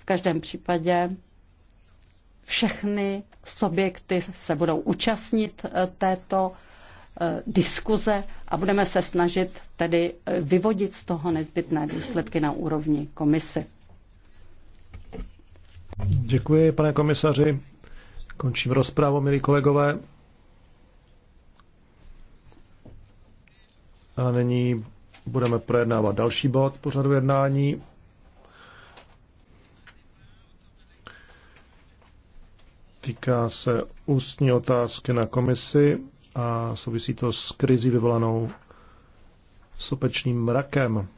V každém případě všechny subjekty se budou účastnit eh, této eh, diskuze a budeme se snažit tedy eh, vyvodit z toho nezbytné důsledky na úrovni komisy. Děkuji, pane komisaři. Končím rozprávu, milí kolegové. A nyní budeme projednávat další bod pořadu jednání. Týká se ústní otázky na komisi a souvisí to s krizi vyvolanou sopečným mrakem.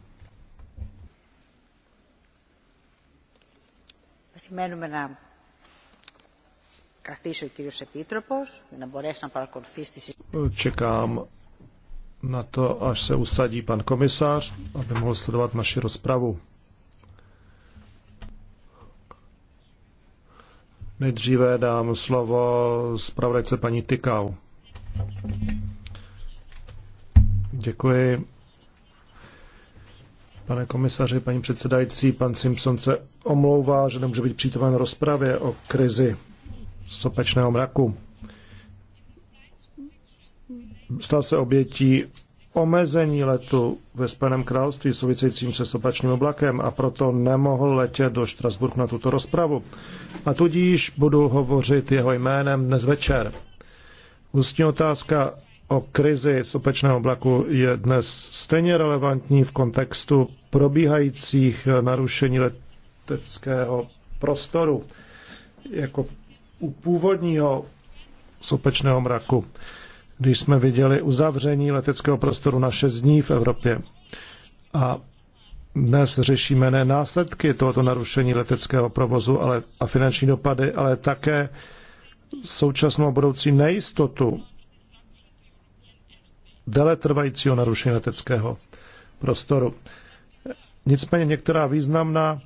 Περιμένουμε να καθίσει ο κύριος Επίτροπος, να μπορέσει να παρακολουθήσει συζήτηση. Čekám na to, až se usadí pan komisář, aby mohl sledovat naši rozpravu. Nejdříve dám slovo zpravodajce paní Tykau. Děkuji. Pane komisaři, paní předsedající, pan Simpson se omlouvá, že nemůže být přítomen rozpravě o krizi sopečného mraku. Stal se obětí omezení letu ve Spojeném království souvisejícím se sopačným oblakem a proto nemohl letět do Štrasburku na tuto rozpravu. A tudíž budu hovořit jeho jménem dnes večer. Ústní otázka o krizi sopečného oblaku je dnes stejně relevantní v kontextu probíhajících narušení leteckého prostoru jako u původního sopečného mraku když jsme viděli uzavření leteckého prostoru na 6 dní v Evropě. A dnes řešíme ne následky tohoto narušení leteckého provozu ale, a finanční dopady, ale také současnou budoucí nejistotu déle trvajícího narušení leteckého prostoru. Nicméně některá významná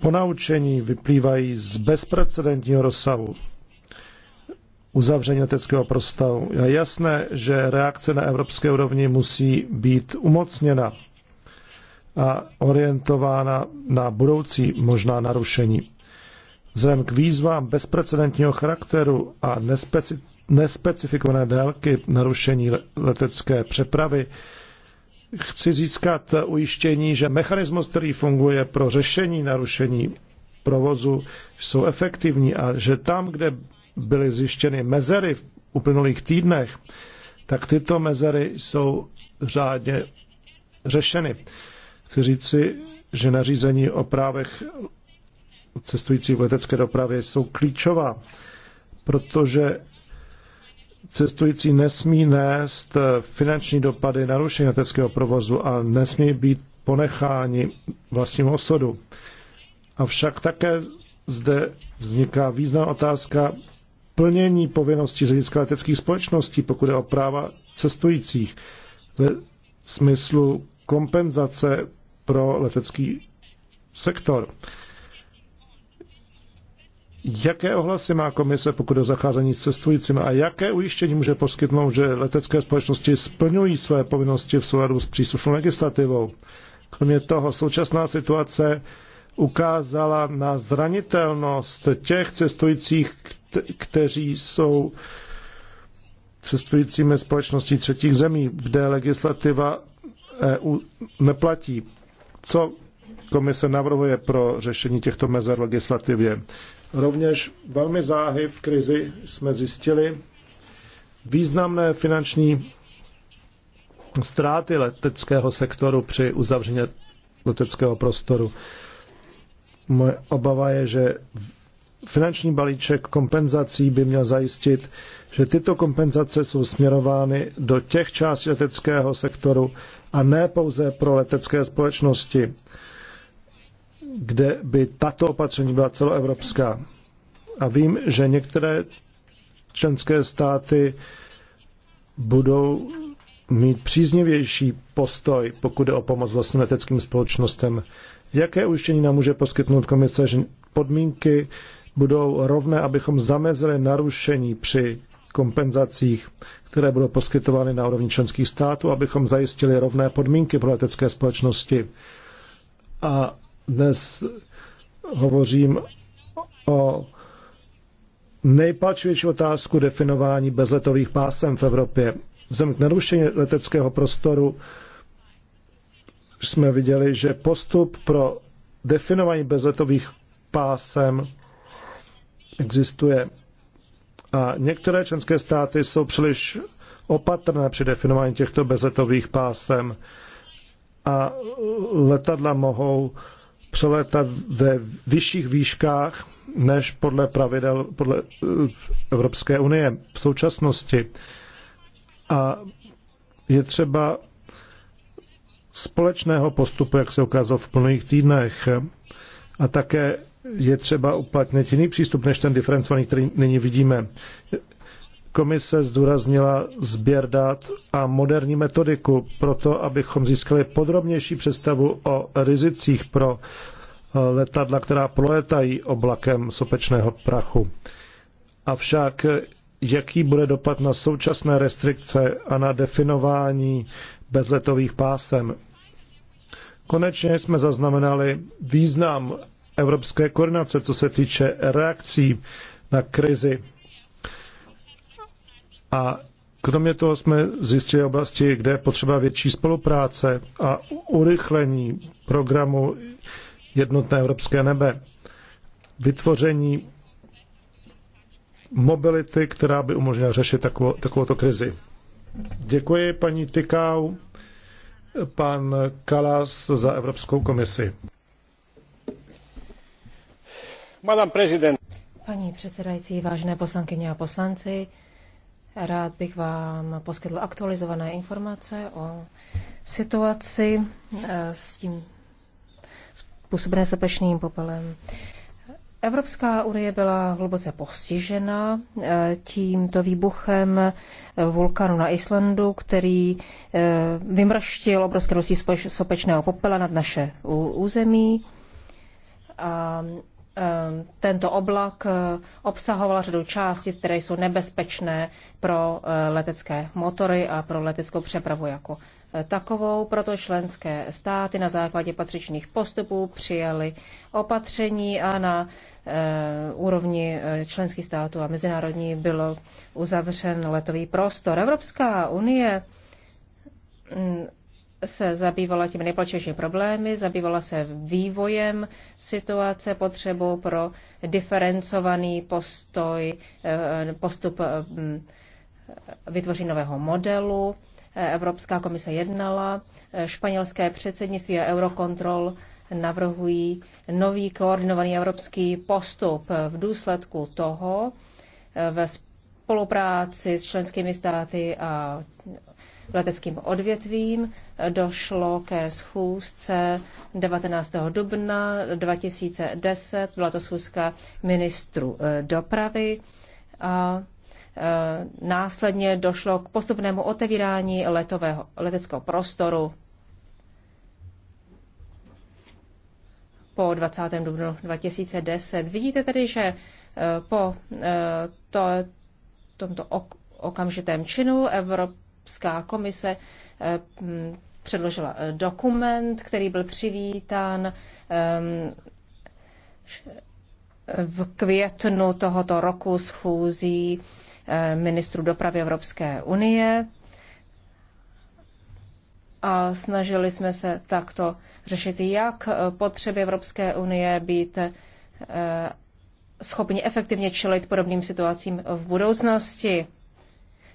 ponaučení vyplývají z bezprecedentního rozsahu uzavření leteckého prostoru. Je jasné, že reakce na evropské úrovni musí být umocněna a orientována na budoucí možná narušení. Vzhledem k výzvám bezprecedentního charakteru a nespeci- nespecifikované délky narušení letecké přepravy, chci získat ujištění, že mechanismus, který funguje pro řešení narušení provozu, jsou efektivní a že tam, kde byly zjištěny mezery v uplynulých týdnech, tak tyto mezery jsou řádně řešeny. Chci říci, že nařízení o právech cestujících v letecké dopravě jsou klíčová, protože cestující nesmí nést finanční dopady narušení leteckého provozu a nesmí být ponecháni vlastnímu osudu. Avšak také zde vzniká významná otázka plnění povinností z hlediska leteckých společností, pokud je o práva cestujících ve smyslu kompenzace pro letecký sektor. Jaké ohlasy má komise, pokud je o zacházení s cestujícími a jaké ujištění může poskytnout, že letecké společnosti splňují své povinnosti v souladu s příslušnou legislativou? Kromě toho, současná situace ukázala na zranitelnost těch cestujících, kteří jsou cestujícími společností třetích zemí, kde legislativa EU neplatí. Co komise navrhuje pro řešení těchto mezer legislativě? Rovněž velmi záhy v krizi jsme zjistili významné finanční ztráty leteckého sektoru při uzavření leteckého prostoru. Moje obava je, že finanční balíček kompenzací by měl zajistit, že tyto kompenzace jsou směrovány do těch částí leteckého sektoru a ne pouze pro letecké společnosti, kde by tato opatření byla celoevropská. A vím, že některé členské státy budou mít příznivější postoj, pokud jde o pomoc vlastně leteckým společnostem. Jaké ujištění nám může poskytnout komise, že podmínky budou rovné, abychom zamezili narušení při kompenzacích, které budou poskytovány na úrovni členských států, abychom zajistili rovné podmínky pro letecké společnosti. A dnes hovořím o nejpalčivější otázku definování bezletových pásem v Evropě. Vzhledem k narušení leteckého prostoru jsme viděli, že postup pro definování bezletových pásem existuje. A některé členské státy jsou příliš opatrné při definování těchto bezletových pásem a letadla mohou přelétat ve vyšších výškách než podle pravidel podle eh, Evropské unie v současnosti. A je třeba společného postupu, jak se ukázalo v plných týdnech. A také je třeba uplatnit jiný přístup než ten diferencovaný, který nyní vidíme. Komise zdůraznila sběr dat a moderní metodiku proto, abychom získali podrobnější představu o rizicích pro eh, letadla, která proletají oblakem sopečného prachu. Avšak jaký bude dopad na současné restrikce a na definování bezletových pásem. Konečně jsme zaznamenali význam evropské koordinace, co se týče reakcí na krizi. A kromě toho jsme zjistili oblasti, kde je potřeba větší spolupráce a urychlení programu Jednotné evropské nebe, vytvoření mobility, která by umožnila řešit takovou, takovouto krizi. Děkuji paní Tykau, pan Kalas za Evropskou komisi. Madam prezident. Paní předsedající, vážené poslankyně a poslanci, rád bych vám poskytl aktualizované informace o situaci eh, s tím způsobené sopečným popelem. Evropská unie byla hluboce postižena eh, tímto výbuchem eh, vulkanu na Islandu, který eh, vymrštil obrovské množství sopečného popela nad naše území. A tento oblak obsahoval řadu částic, které jsou nebezpečné pro letecké motory a pro leteckou přepravu jako takovou, proto členské státy na základě patřičných postupů přijaly opatření a na eh, úrovni eh, členských států a mezinárodní bylo uzavřen letový prostor. Evropská unie mm, se zabývala těmi nejpalčivějšími problémy, zabývala se vývojem situace, potřebou pro diferencovaný postoj, eh, postup mm, vytvoření nového modelu Evropská komise jednala, eh, španělské předsednictví a Eurokontrol navrhují nový koordinovaný evropský postup v důsledku toho eh, ve spolupráci s členskými státy a leteckým odvětvím eh, došlo ke schůzce 19. dubna 2010. Byla to schůzka ministru dopravy a Eh, následně došlo k postupnému otevírání letového, leteckého prostoru po 20. dubnu 2010. Vidíte tedy, že eh, po eh, to, tomto ok, okamžitém činu Evropská komise předložila dokument, který byl přivítán ehm, v květnu tohoto roku schůzí Eh, ministrů dopravy Evropské unie a snažili jsme se takto řešit, jak potřeby Evropské unie být eh, schopni efektivně čelit podobným situacím v budoucnosti.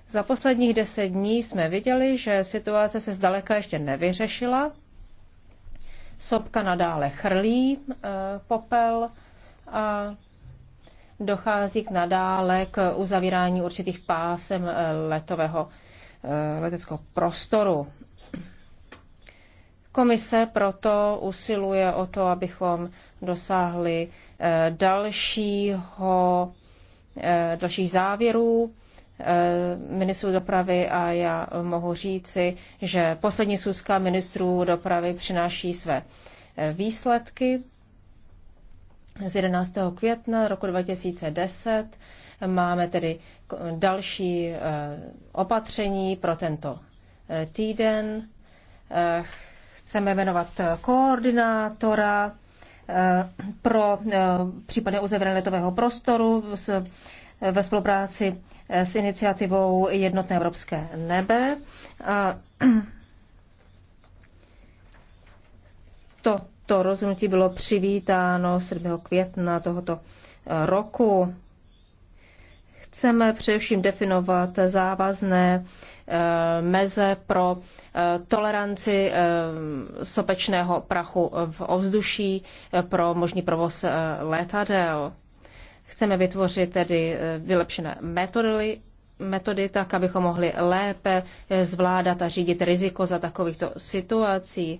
Za posledních deset dní jsme viděli, že situace se zdaleka ještě nevyřešila. Sopka nadále chrlí eh, popel a dochází k nadále k uzavírání určitých pásem eh, letového eh, leteckého prostoru. Komise proto usiluje o to, abychom dosáhli eh, dalšího, dalších závěrů ministrů dopravy a já mohu říci, že poslední sůzka ministrů dopravy přináší své výsledky z 11. května roku 2010. Máme tedy další eh, opatření pro tento eh, týden. Eh, chceme jmenovat koordinátora pro případné uzavření letového prostoru ve spolupráci s iniciativou Jednotné evropské nebe. To to rozhodnutí bylo přivítáno 7. května tohoto eh, roku. Chceme především definovat závazné eh, meze pro eh, toleranci sopečného prachu v ovzduší pro možný provoz letadel. Chceme vytvořit tedy vylepšené metody, metody tak, abychom mohli lépe zvládat a řídit riziko za takovýchto situací.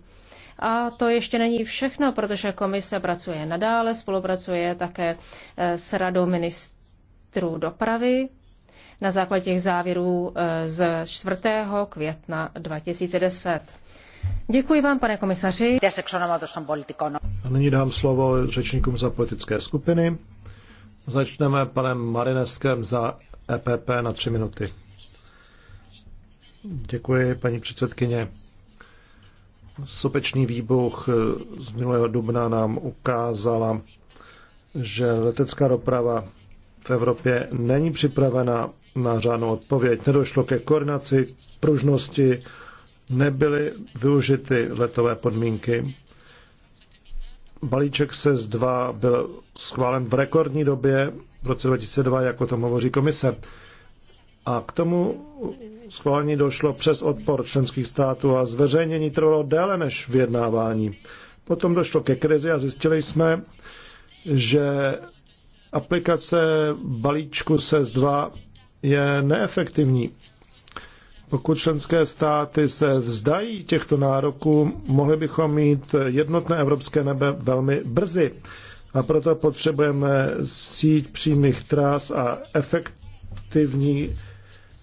A to ještě není všechno, protože komise pracuje nadále, spolupracuje také eh, s radou ministrů dopravy na základě těch závěrů eh, z 4. května 2010. Děkuji vám, pane komisaři. No. A nyní dám slovo řečníkům za politické skupiny. Začneme panem Marineskem za EPP na tři minuty. Děkuji, paní předsedkyně sopečný výbuch eh, z minulého dubna nám ukázala, že letecká doprava v Evropě není připravena na řádnou odpověď. Nedošlo ke koordinaci, pružnosti, nebyly využity letové podmínky. Balíček se z 2 byl schválen v rekordní době v roce 2002, jako tam hovoří komise. A k tomu schválení došlo přes odpor členských států a zveřejnění trvalo déle než vyjednávání. Potom došlo ke krizi a zjistili jsme, že aplikace balíčku SES 2 je neefektivní. Pokud členské státy se vzdají těchto nároků, mohli bychom mít jednotné evropské nebe velmi brzy. A proto potřebujeme síť přímých tras a efektivní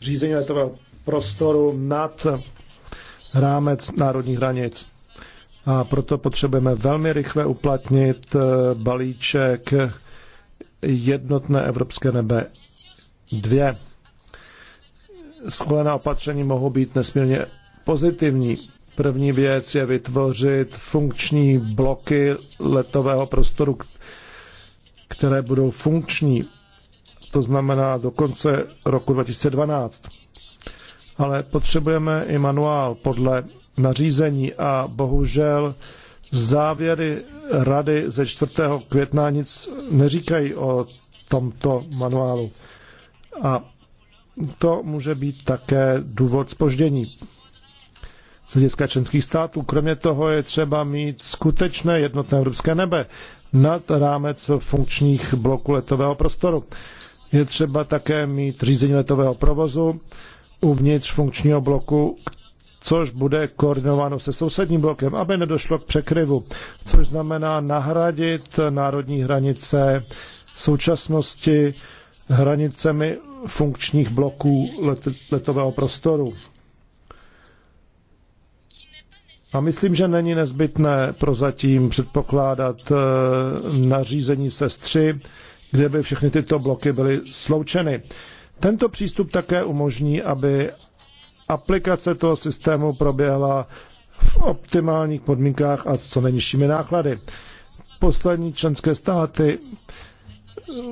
řízení letového prostoru nad rámec národních hranic. A proto potřebujeme velmi rychle uplatnit eh, balíček jednotné evropské nebe 2. Schválená opatření mohou být nesmírně pozitivní. První věc je vytvořit funkční bloky letového prostoru, které budou funkční. To znamená do konce roku 2012 ale potřebujeme i manuál podle nařízení a bohužel závěry rady ze 4. května nic neříkají o tomto manuálu. A to může být také důvod spoždění z hlediska členských států. Kromě toho je třeba mít skutečné jednotné evropské nebe nad rámec funkčních bloků letového prostoru. Je třeba také mít řízení letového provozu, uvnitř funkčního bloku, což bude koordinováno se sousedním blokem, aby nedošlo k překryvu, což znamená nahradit národní hranice současnosti hranicemi funkčních bloků let, letového prostoru. A myslím, že není nezbytné prozatím předpokládat eh, nařízení SES 3, kde by všechny tyto bloky byly sloučeny. Tento přístup také umožní, aby aplikace toho systému proběhla v optimálních podmínkách a s co nejnižšími náklady. Poslední členské státy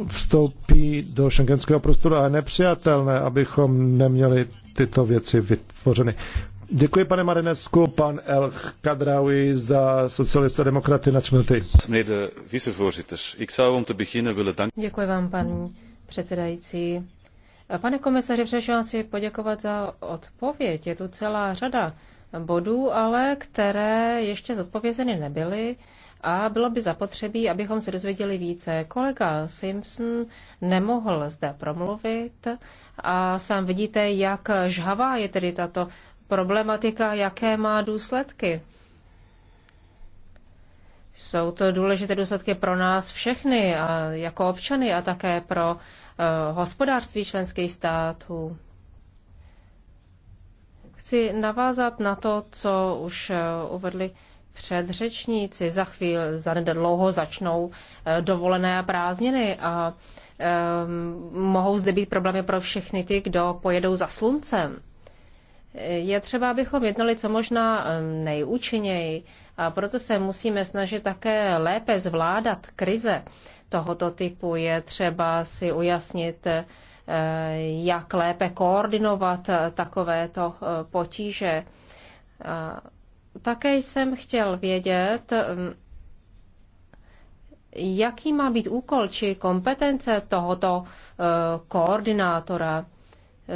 vstoupí do šengenského prostoru a je nepřijatelné, abychom neměli tyto věci vytvořeny. Děkuji, pane Marinesku, pan El Kadraoui za socialista demokraty na minuty. Děkuji vám, paní předsedající. Pane komisaři, přešel si poděkovat za odpověď. Je tu celá řada bodů, ale které ještě zodpovězeny nebyly a bylo by zapotřebí, abychom se dozvěděli více. Kolega Simpson nemohl zde promluvit a sám vidíte, jak žhavá je tedy tato problematika, jaké má důsledky. Jsou to důležité důsledky pro nás všechny, a jako občany a také pro Eh, hospodářství členských států. Chci navázat na to, co už eh, uvedli předřečníci. Za chvíli, za nedlouho začnou eh, dovolené a prázdniny a mohou zde být problémy pro všechny ty, kdo pojedou za sluncem. Je třeba, abychom jednali co možná nejúčinněji a proto se musíme snažit také lépe zvládat krize tohoto typu. Je třeba si ujasnit, eh, jak lépe koordinovat eh, takovéto eh, potíže. Také jsem chtěl vědět, mm, jaký má být úkol či kompetence tohoto koordinátora.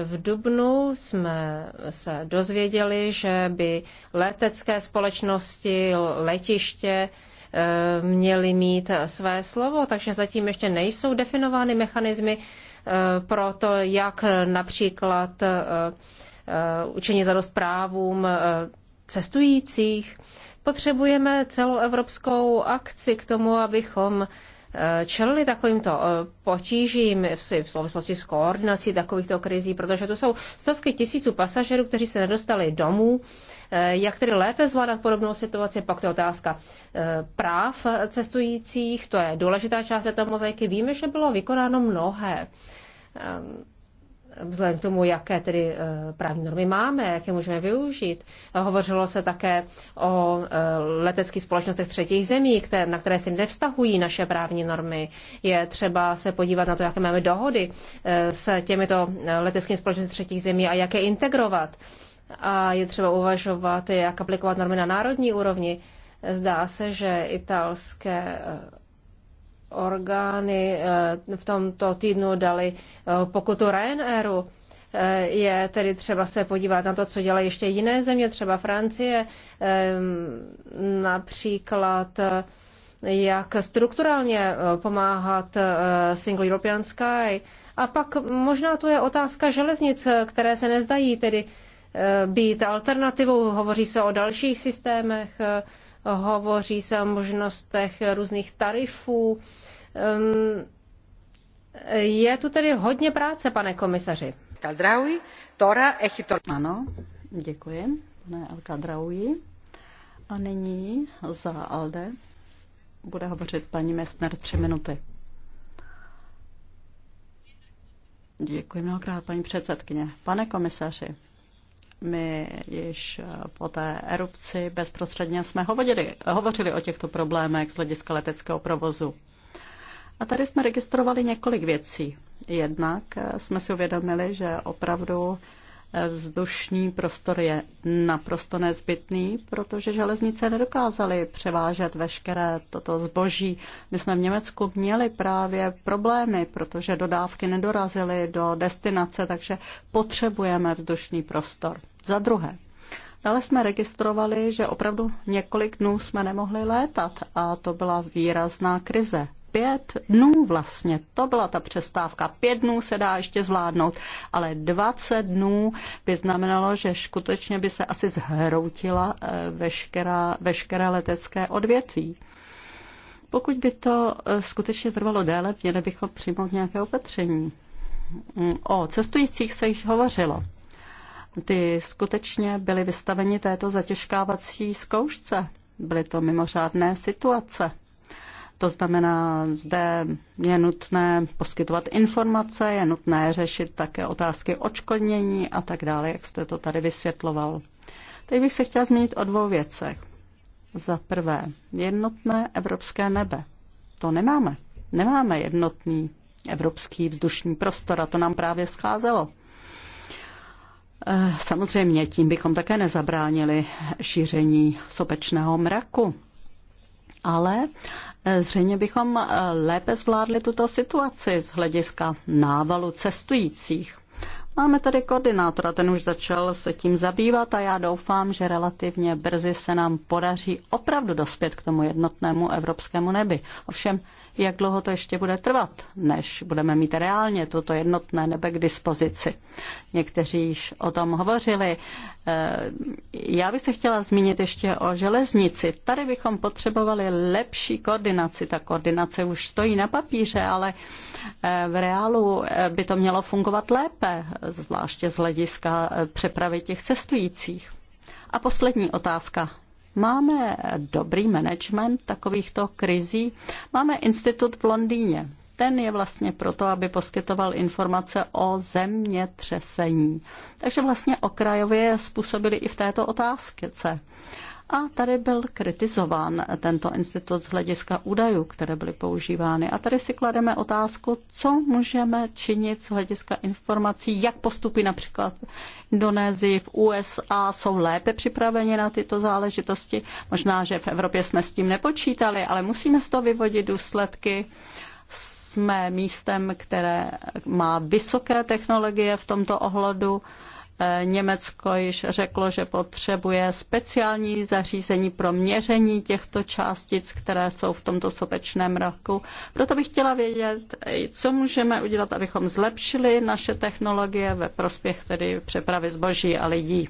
V Dubnu jsme se dozvěděli, že by letecké společnosti, letiště Eh, měli mít své slovo, takže zatím ještě nejsou definovány mechanismy eh, pro to, jak například eh, učení dost právům cestujících. Potřebujeme celoevropskou akci k tomu, abychom čelili takovýmto potížím v souvislosti s koordinací takovýchto krizí, protože tu jsou stovky tisíců pasažerů, kteří se nedostali domů Eh, jak tedy lépe zvládat podobnou situaci, pak to je otázka eh, práv cestujících, to je důležitá část této mozaiky. Víme, že bylo vykonáno mnohé eh, vzhledem k tomu, jaké tedy právní normy máme, jak je můžeme využít. Hovořilo se také o leteckých společnostech třetích zemí, které, na které se nevztahují naše právní normy. Je třeba se podívat na to, jaké máme dohody s těmito leteckými společnostmi třetích zemí a jak je integrovat a je třeba uvažovat, jak aplikovat normy na národní úrovni. Zdá se, že italské eh, orgány eh, v tomto týdnu dali eh, pokutu Ryanairu. Je tedy třeba se podívat na to, co dělají ještě jiné země, třeba Francie, ehm, například jak strukturálně pomáhat Single European Sky. A pak možná to je otázka železnic, které se nezdají tedy Eh, být alternativou. Hovoří se o dalších systémech, eh, hovoří se o možnostech různých tarifů. Ehm, je tu tedy hodně práce, pane komisaři. Kaldraui, Tora Echitor. Ano, děkuji, pane El A nyní za Alde bude hovořit paní Mestner tři minuty. Děkuji mnohokrát, paní předsedkyně. Pane komisaři, my již eh, po té erupci bezprostředně jsme hovořili, hovořili o těchto problémech z hlediska leteckého provozu. A tady jsme registrovali několik věcí. Jednak eh, jsme si uvědomili, že opravdu Vzdušní prostor je naprosto nezbytný, protože železnice nedokázaly převážet veškeré toto zboží. My jsme v Německu měli právě problémy, protože dodávky nedorazily do destinace, takže potřebujeme vzdušný prostor. Za druhé, Dále jsme registrovali, že opravdu několik dnů jsme nemohli létat a to byla výrazná krize pět dnů vlastně. To byla ta přestávka. Pět dnů se dá ještě zvládnout, ale 20 dnů by znamenalo, že skutečně by se asi zhroutila eh, veškerá, veškeré letecké odvětví. Pokud by to eh, skutečně trvalo déle, měli bychom přijmout nějaké opatření. Mm, o cestujících se již hovořilo. Ty skutečně byly vystaveni této zatěžkávací zkoušce. Byly to mimořádné situace. To znamená, zde je nutné poskytovat informace, je nutné řešit také otázky očkodnění a tak dále, jak jste to tady vysvětloval. Teď bych se chtěla zmínit o dvou věcech. Za prvé, jednotné evropské nebe. To nemáme. Nemáme jednotný evropský vzdušní prostor a to nám právě scházelo. Eh, samozřejmě tím bychom také nezabránili šíření sopečného mraku ale eh, zřejmě bychom eh, lépe zvládli tuto situaci z hlediska návalu cestujících. Máme tady koordinátora, ten už začal se tím zabývat a já doufám, že relativně brzy se nám podaří opravdu dospět k tomu jednotnému evropskému nebi. Ovšem jak dlouho to ještě bude trvat, než budeme mít reálně toto jednotné nebe k dispozici. Někteří již o tom hovořili. Eh, já bych se chtěla zmínit ještě o železnici. Tady bychom potřebovali lepší koordinaci. Ta koordinace už stojí na papíře, ale eh, v reálu eh, by to mělo fungovat lépe, zvláště z hlediska přepravy těch cestujících. A poslední otázka. Máme dobrý management takovýchto krizí. Máme institut v Londýně. Ten je vlastně proto, aby poskytoval informace o zemětřesení. Takže vlastně okrajově způsobili i v této otázce. A tady byl kritizován tento institut z hlediska údajů, které byly používány. A tady si klademe otázku, co můžeme činit z hlediska informací, jak postupy například v Indonésii, v USA jsou lépe připraveni na tyto záležitosti. Možná, že v Evropě jsme s tím nepočítali, ale musíme z toho vyvodit důsledky jsme místem, které má vysoké technologie v tomto ohledu E, Německo již řeklo, že potřebuje speciální zařízení pro měření těchto částic, které jsou v tomto sopečném mraku. Proto bych chtěla vědět, co můžeme udělat, abychom zlepšili naše technologie ve prospěch tedy přepravy zboží a lidí.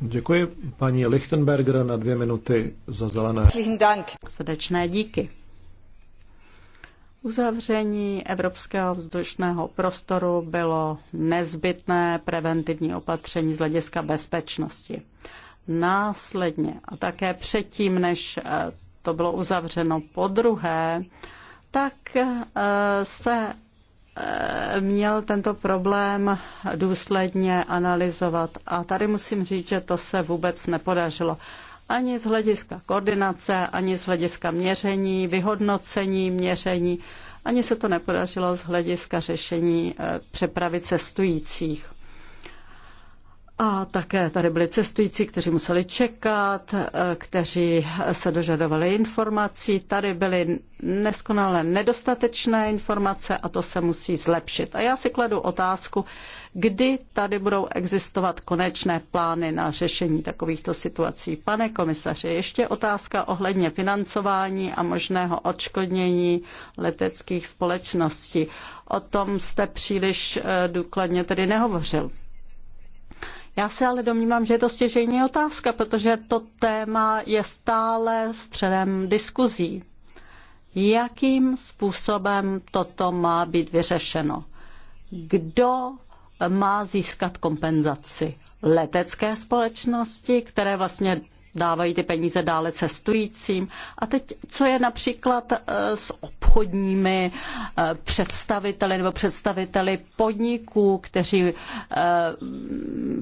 Děkuji paní Lichtenberger na dvě minuty za zelené. Srdečné díky. Uzavření evropského vzdušného prostoru bylo nezbytné preventivní opatření z hlediska bezpečnosti. Následně a také předtím, než eh, to bylo uzavřeno po druhé, tak eh, se eh, měl tento problém důsledně analyzovat. A tady musím říct, že to se vůbec nepodařilo ani z hlediska koordinace, ani z hlediska měření, vyhodnocení, měření, ani se to nepodařilo z hlediska řešení eh, přepravy cestujících. A také tady byli cestující, kteří museli čekat, eh, kteří se dožadovali informací. Tady byly neskonale nedostatečné informace a to se musí zlepšit. A já si kladu otázku, kdy tady budou existovat konečné plány na řešení takovýchto situací. Pane komisaři, ještě otázka ohledně financování a možného odškodnění leteckých společností. O tom jste příliš eh, důkladně tedy nehovořil. Já se ale domnívám, že je to stěžejní otázka, protože to téma je stále středem diskuzí. Jakým způsobem toto má být vyřešeno? Kdo má získat kompenzaci letecké společnosti, které vlastně dávají ty peníze dále cestujícím. A teď, co je například eh, s obchodními eh, představiteli nebo představiteli podniků, kteří eh,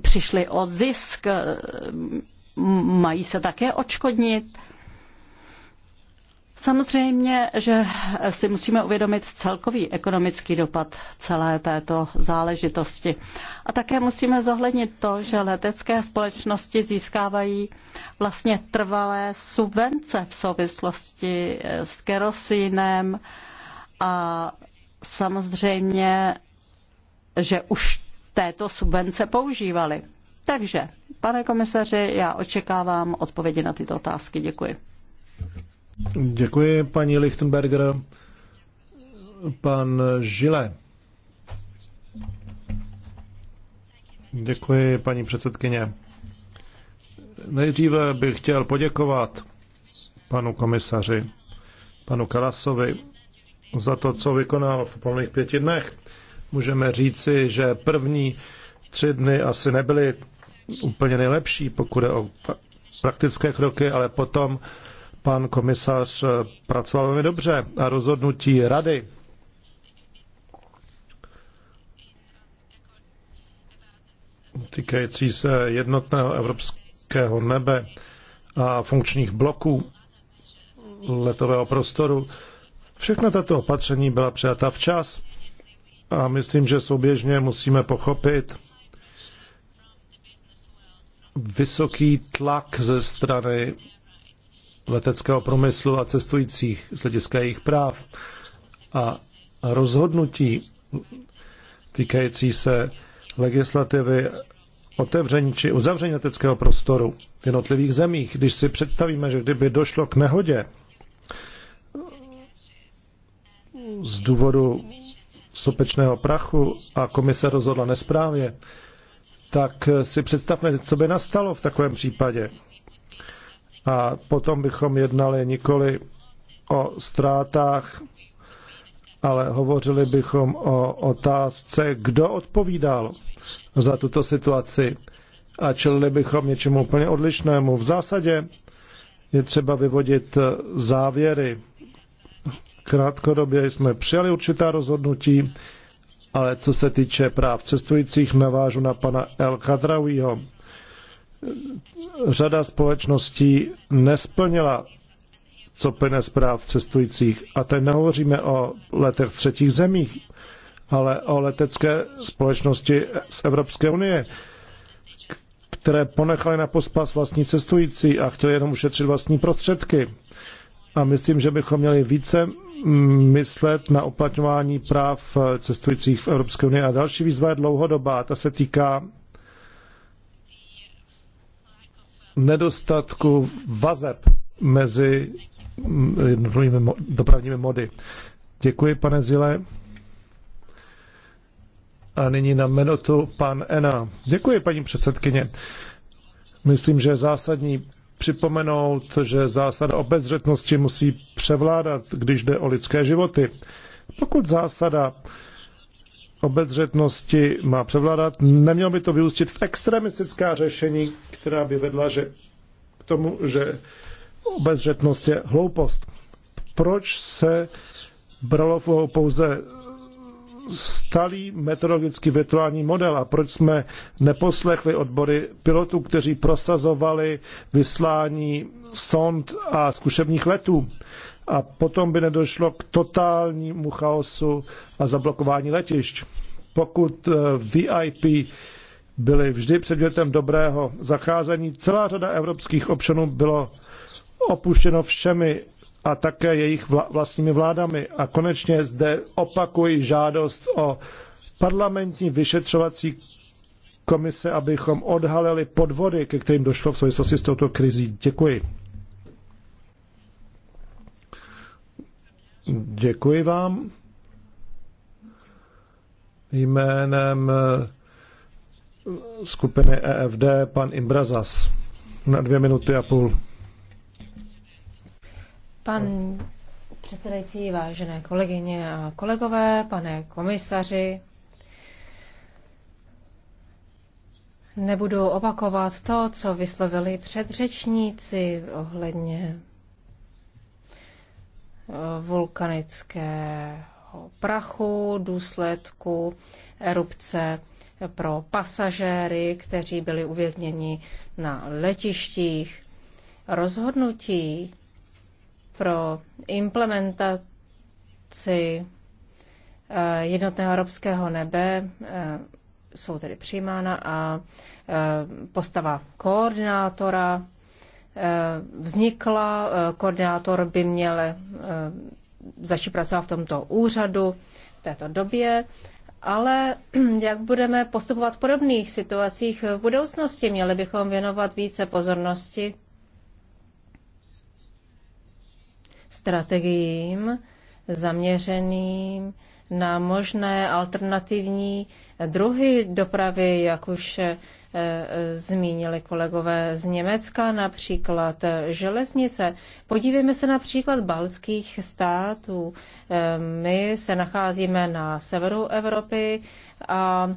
přišli o zisk, mají se také očkodnit? Samozřejmě, že si musíme uvědomit celkový ekonomický dopad celé této záležitosti. A také musíme zohlednit to, že letecké společnosti získávají vlastně trvalé subvence v souvislosti s kerosínem a samozřejmě, že už této subvence používali. Takže, pane komisaři, já očekávám odpovědi na tyto otázky. Děkuji. Děkuji, paní Lichtenberger. Pan Žile. Děkuji, paní předsedkyně. Nejdříve bych chtěl poděkovat panu komisaři, panu Kalasovi, za to, co vykonal v plných pěti dnech. Můžeme říci, že první tři dny asi nebyly úplně nejlepší, pokud je o praktické kroky, ale potom pan komisař eh, pracoval velmi dobře a rozhodnutí rady týkající se jednotného evropského nebe a funkčních bloků letového prostoru. Všechna tato opatření byla přijata včas a myslím, že souběžně musíme pochopit vysoký tlak ze strany leteckého průmyslu a cestujících z hlediska jejich práv. A rozhodnutí týkající se legislativy otevření či uzavření leteckého prostoru v jednotlivých zemích. Když si představíme, že kdyby došlo k nehodě z důvodu sopečného prachu a komise rozhodla nesprávně, tak si představme, co by nastalo v takovém případě. A potom bychom jednali nikoli o ztrátách, ale hovořili bychom o otázce, kdo odpovídal za tuto situaci a čelili bychom něčemu úplně odlišnému. V zásadě je třeba vyvodit závěry. Krátkodobě jsme přijali určitá rozhodnutí, ale co se týče práv cestujících, navážu na pana El Khadraouiho řada společností nesplnila co plyne z práv cestujících. A teď nehovoříme o letech z třetích zemích, ale o letecké společnosti z Evropské unie, které ponechaly na pospas vlastní cestující a chtěli jenom ušetřit vlastní prostředky. A myslím, že bychom měli více myslet na uplatňování práv cestujících v Evropské unii. A další výzva je dlouhodobá, ta se týká nedostatku vazeb mezi jednotlivými dopravními mody. Děkuji, pane Zile. A nyní na minutu pan Ena. Děkuji, paní předsedkyně. Myslím, že je zásadní připomenout, že zásada obezřetnosti musí převládat, když jde o lidské životy. Pokud zásada obezřetnosti má převládat. Nemělo by to vyústit v extremistická řešení, která by vedla že, k tomu, že obezřetnost je hloupost. Proč se bralo pouze stalý meteorologický virtuální model a proč jsme neposlechli odbory pilotů, kteří prosazovali vyslání sond a zkušebních letů a potom by nedošlo k totálnímu chaosu a zablokování letišť. Pokud eh, VIP byly vždy předmětem dobrého zacházení, celá řada evropských občanů bylo opuštěno všemi a také jejich vla, vlastními vládami. A konečně zde opakuji žádost o parlamentní vyšetřovací komise, abychom odhalili podvody, ke kterým došlo v souvislosti s touto krizí. Děkuji. Děkuji vám. Jménem eh, skupiny EFD pan Imbrazas na dvě minuty a půl. Pan předsedající, vážené kolegyně a kolegové, pane komisaři, nebudu opakovat to, co vyslovili předřečníci ohledně vulkanického prachu, důsledku erupce pro pasažéry, kteří byli uvězněni na letištích. Rozhodnutí pro implementaci eh, jednotného evropského nebe eh, jsou tedy přijímána a eh, postava koordinátora Eh, vznikla. Eh, koordinátor by měl eh, začít pracovat v tomto úřadu v této době. Ale jak budeme postupovat v podobných situacích v budoucnosti? Měli bychom věnovat více pozornosti strategiím zaměřeným na možné alternativní druhy dopravy, jak už eh, zmínili kolegové z Německa, například eh, železnice. Podívejme se například baltských států. Eh, my se nacházíme na severu Evropy a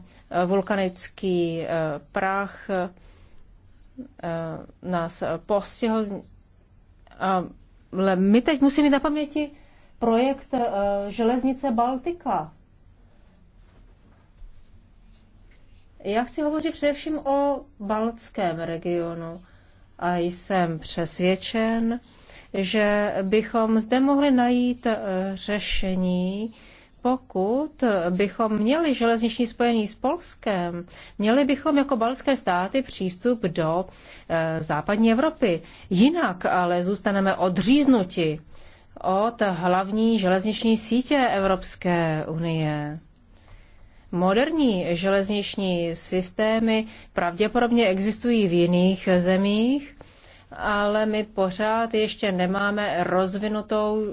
vulkanický prach nás postihl. Ale my teď musíme mít na paměti projekt eh, železnice Baltika. Já chci hovořit především o baltském regionu a jsem přesvědčen, že bychom zde mohli najít eh, řešení, pokud bychom měli železniční spojení s Polskem, měli bychom jako balské státy přístup do eh, západní Evropy. Jinak ale zůstaneme odříznuti od hlavní železniční sítě Evropské unie. Moderní železniční systémy pravděpodobně existují v jiných zemích, ale my pořád ještě nemáme rozvinutou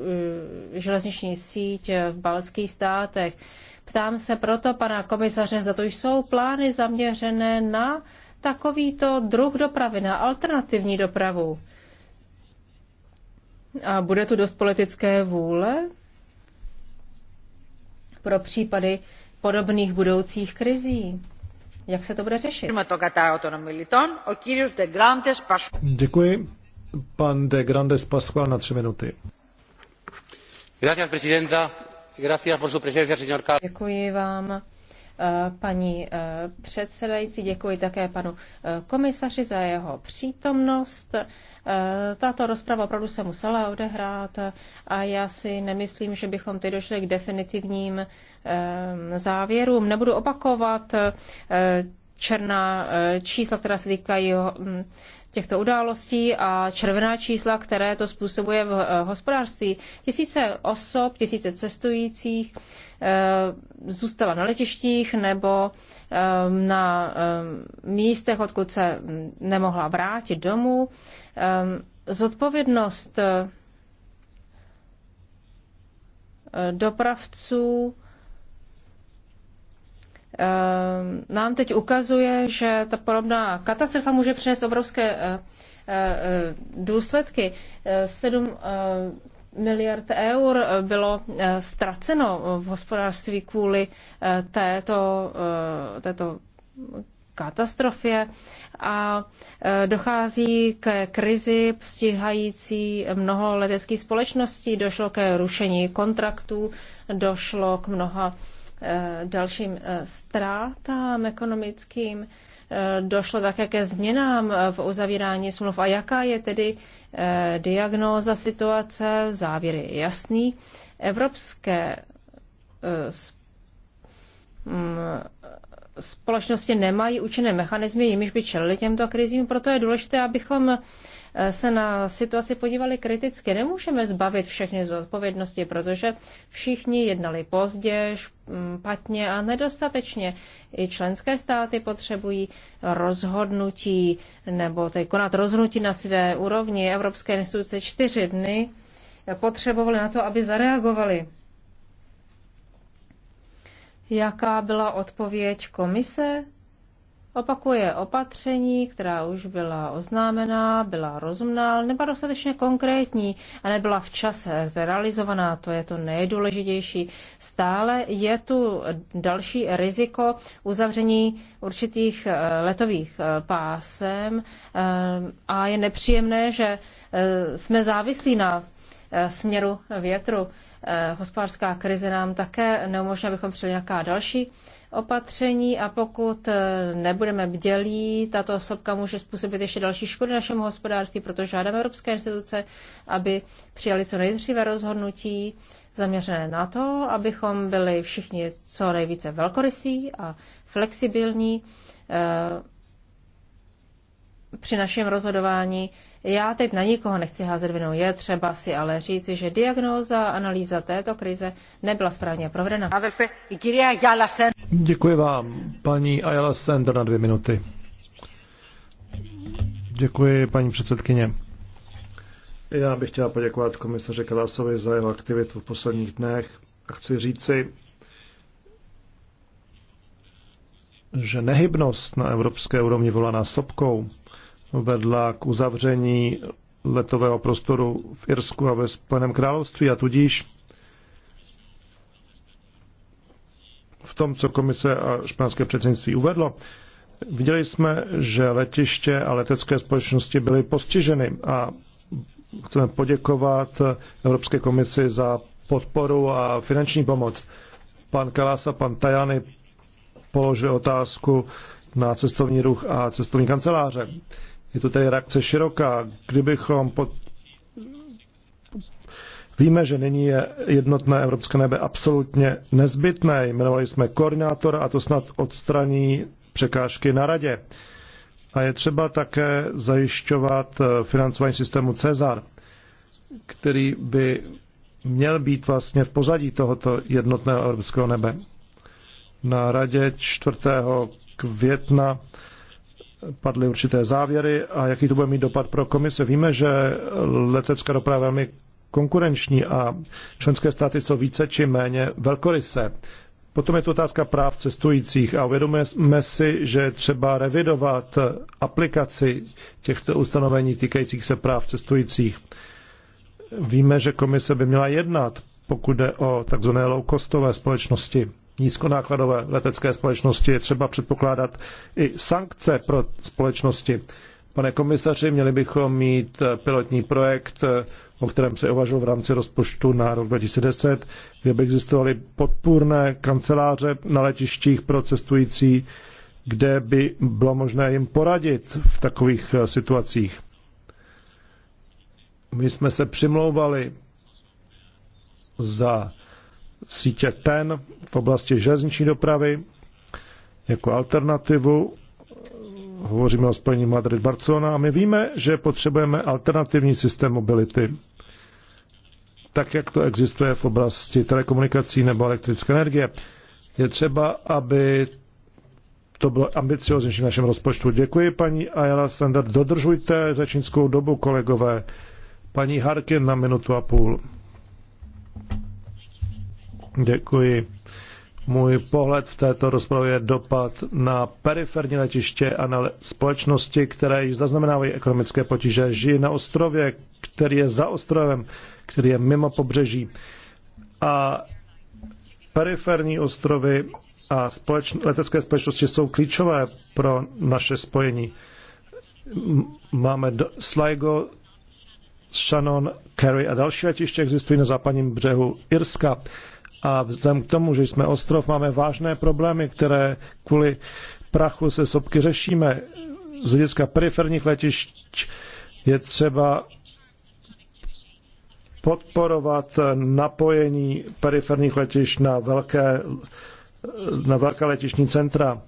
eh, železniční síť v balských státech. Ptám se proto pana komisaře, za to jsou plány zaměřené na takovýto druh dopravy, na alternativní dopravu. A bude tu dost politické vůle pro případy podobných budoucích krizí? Jak se to bude řešit? Děkuji. Pan de Grandes Pascual na tři minuty. Děkuji vám, Eh, paní eh, předsedající, děkuji také panu eh, komisaři za jeho přítomnost. Tato rozprava opravdu se musela odehrát a já si nemyslím, že bychom teď došli k definitivním závěrům. Nebudu opakovat černá čísla, která se týkají těchto událostí a červená čísla, které to způsobuje v eh, hospodářství. Tisíce osob, tisíce cestujících eh, zůstala na letištích nebo eh, na místech, odkud se nemohla vrátit domů. Zodpovědnost dopravců nám teď ukazuje, že ta podobná katastrofa může přinést obrovské eh, eh, důsledky. 7 eh, miliard eur bylo ztraceno v hospodářství kvůli této, této katastrofě a dochází k krizi stíhající mnoho leteckých společností, došlo ke rušení kontraktů, došlo k mnoha Eh, dalším eh, ztrátám ekonomickým. Eh, došlo také ke změnám v uzavírání smluv. A jaká je tedy diagnóza situace? Závěr je jasný. Evropské mm, společnosti nemají účinné mechanizmy, jimiž by čelili těmto krizím, proto je důležité, abychom se na situaci podívali kriticky. Nemůžeme zbavit všechny z odpovědnosti, protože všichni jednali pozdě, špatně a nedostatečně. I členské státy potřebují rozhodnutí nebo tedy konat rozhodnutí na své úrovni. Evropské instituce čtyři dny potřebovali na to, aby zareagovali. Jaká byla odpověď komise? opakuje opatření, která už byla oznámená, byla rozumná, nebo nebyla dostatečně konkrétní a nebyla včas zrealizovaná. To je to nejdůležitější. Stále je tu další riziko uzavření určitých eh, letových eh, pásem eh, a je nepříjemné, že jsme závislí na směru větru. Eh, hospodářská krize nám také neumožňuje, abychom přijeli nějaká další opatření a pokud eh, nebudeme bdělí, tato osobka může způsobit ještě další škody našemu hospodářství, proto žádáme evropské instituce, aby přijali co nejdříve rozhodnutí zaměřené na to, abychom byli všichni co nejvíce velkorysí a flexibilní eh, při našem rozhodování já teď na nikoho nechci házet vinou. Je třeba si ale říci, že diagnóza a analýza této krize nebyla správně provedena. Děkuji vám, paní Ayala Sender, na dvě minuty. Děkuji, paní předsedkyně. Já bych chtěla poděkovat komisaři Kalasovi za jeho aktivitu v posledních dnech a chci říci, že nehybnost na evropské úrovni volaná sobkou vedla k uzavření letového prostoru v Irsku a ve Spojeném království a tudíž v tom, co komise a španělské předsednictví uvedlo, viděli jsme, že letiště a letecké společnosti byly postiženy a chceme poděkovat Evropské komisi za podporu a finanční pomoc. Pan Kalas a pan Tajany položili otázku na cestovní ruch a cestovní kanceláře. Je to tedy reakce široká. Kdybychom pod... Víme, že nyní je jednotné evropské nebe absolutně nezbytné. Jmenovali jsme koordinátora a to snad odstraní překážky na radě. A je třeba také zajišťovat eh, financování systému Cezar, který by měl být vlastně v pozadí tohoto jednotného evropského nebe. Na radě 4. května padly určité závěry a jaký to bude mít dopad pro komise. Víme, že letecká doprava je velmi konkurenční a členské státy jsou více či méně velkoryse. Potom je to otázka práv cestujících a uvědomujeme si, že třeba revidovat aplikaci těchto ustanovení týkajících se práv cestujících. Víme, že komise by měla jednat, pokud jde o tzv. low-costové společnosti nízkonákladové letecké společnosti je třeba předpokládat i sankce pro společnosti. Pane komisaři, měli bychom mít pilotní projekt, o kterém se uvažuje v rámci rozpočtu na rok 2010, kde by existovaly podpůrné kanceláře na letištích pro cestující, kde by bylo možné jim poradit v takových eh, situacích. My jsme se přimlouvali za sítě TEN v oblasti železniční dopravy jako alternativu. Hovoříme o spojení Madrid-Barcelona a my víme, že potřebujeme alternativní systém mobility, tak jak to existuje v oblasti telekomunikací nebo elektrické energie. Je třeba, aby to bylo ambicioznější v našem rozpočtu. Děkuji, paní Ayala Sender. Dodržujte řečnickou dobu, kolegové. Paní Harkin na minutu a půl. Děkuji. Můj pohled v této rozpravě je dopad na periferní letiště a na společnosti, které již zaznamenávají ekonomické potíže. Žijí na ostrově, který je za ostrovem, který je mimo pobřeží. A periferní ostrovy a společn- letecké společnosti jsou klíčové pro naše spojení. Máme Sligo, Shannon, Kerry a další letiště existují na západním břehu Irska a vzhledem k tomu, že jsme ostrov, máme vážné problémy, které kvůli prachu se sopky řešíme. Z hlediska periferních letišť je třeba podporovat napojení periferních letišť na velké, na velká letišní centra.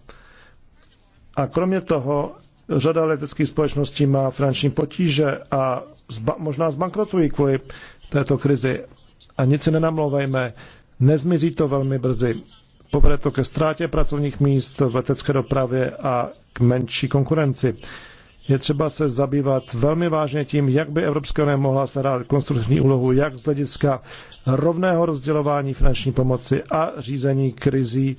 A kromě toho řada leteckých společností má finanční potíže a zba, možná zbankrotují kvůli této krizi. A nic si nenamlouvejme. Nezmizí to velmi brzy. Povede to ke ztrátě pracovních míst v letecké dopravě a k menší konkurenci. Je třeba se zabývat velmi vážně tím, jak by Evropská unie mohla sehrát konstruktivní úlohu, jak z hlediska rovného rozdělování finanční pomoci a řízení krizí,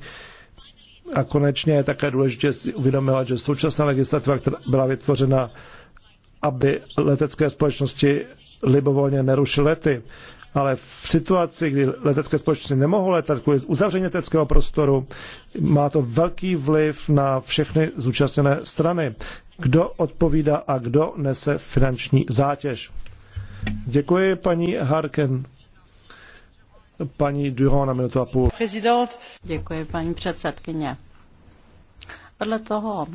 a konečně je také důležité si uvědomila, že současná legislativa, která byla vytvořena, aby letecké společnosti libovolně nerušily lety, ale v situaci, kdy letecké společnosti nemohou letat kvůli uzavření leteckého prostoru, má to velký vliv na všechny zúčastněné strany. Kdo odpovídá a kdo nese finanční zátěž? Děkuji paní Harken. Paní Duhon na minutu a půl. Prezident. Děkuji paní předsedkyně. Podle toho,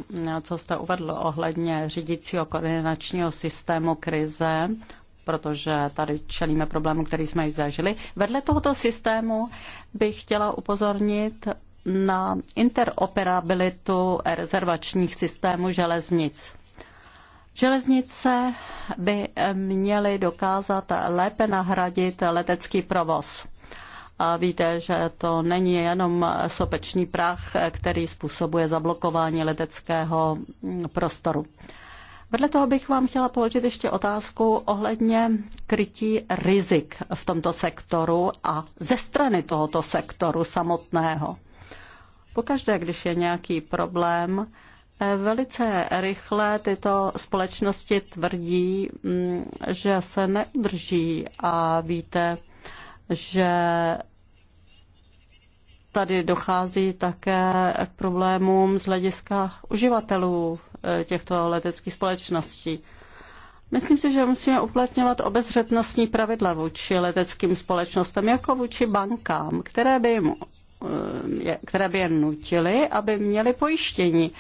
co jste uvedl ohledně řídícího koordinačního systému krize protože tady čelíme problému, který jsme již zažili. Vedle tohoto systému bych chtěla upozornit na interoperabilitu rezervačních systémů železnic. Železnice by měly dokázat lépe nahradit letecký provoz. A víte, že to není jenom sopečný prach, který způsobuje zablokování leteckého prostoru. Vedle toho bych vám chtěla položit ještě otázku ohledně krytí rizik v tomto sektoru a ze strany tohoto sektoru samotného. Pokaždé, když je nějaký problém, Velice rychle tyto společnosti tvrdí, mm, že se neudrží a víte, že tady dochází také k problémům z hlediska uživatelů e, těchto leteckých společností. Myslím si, že musíme uplatňovat obezřetnostní pravidla vůči leteckým společnostem, jako vůči bankám, které by, jim, e, které by je nutily, aby měly pojištění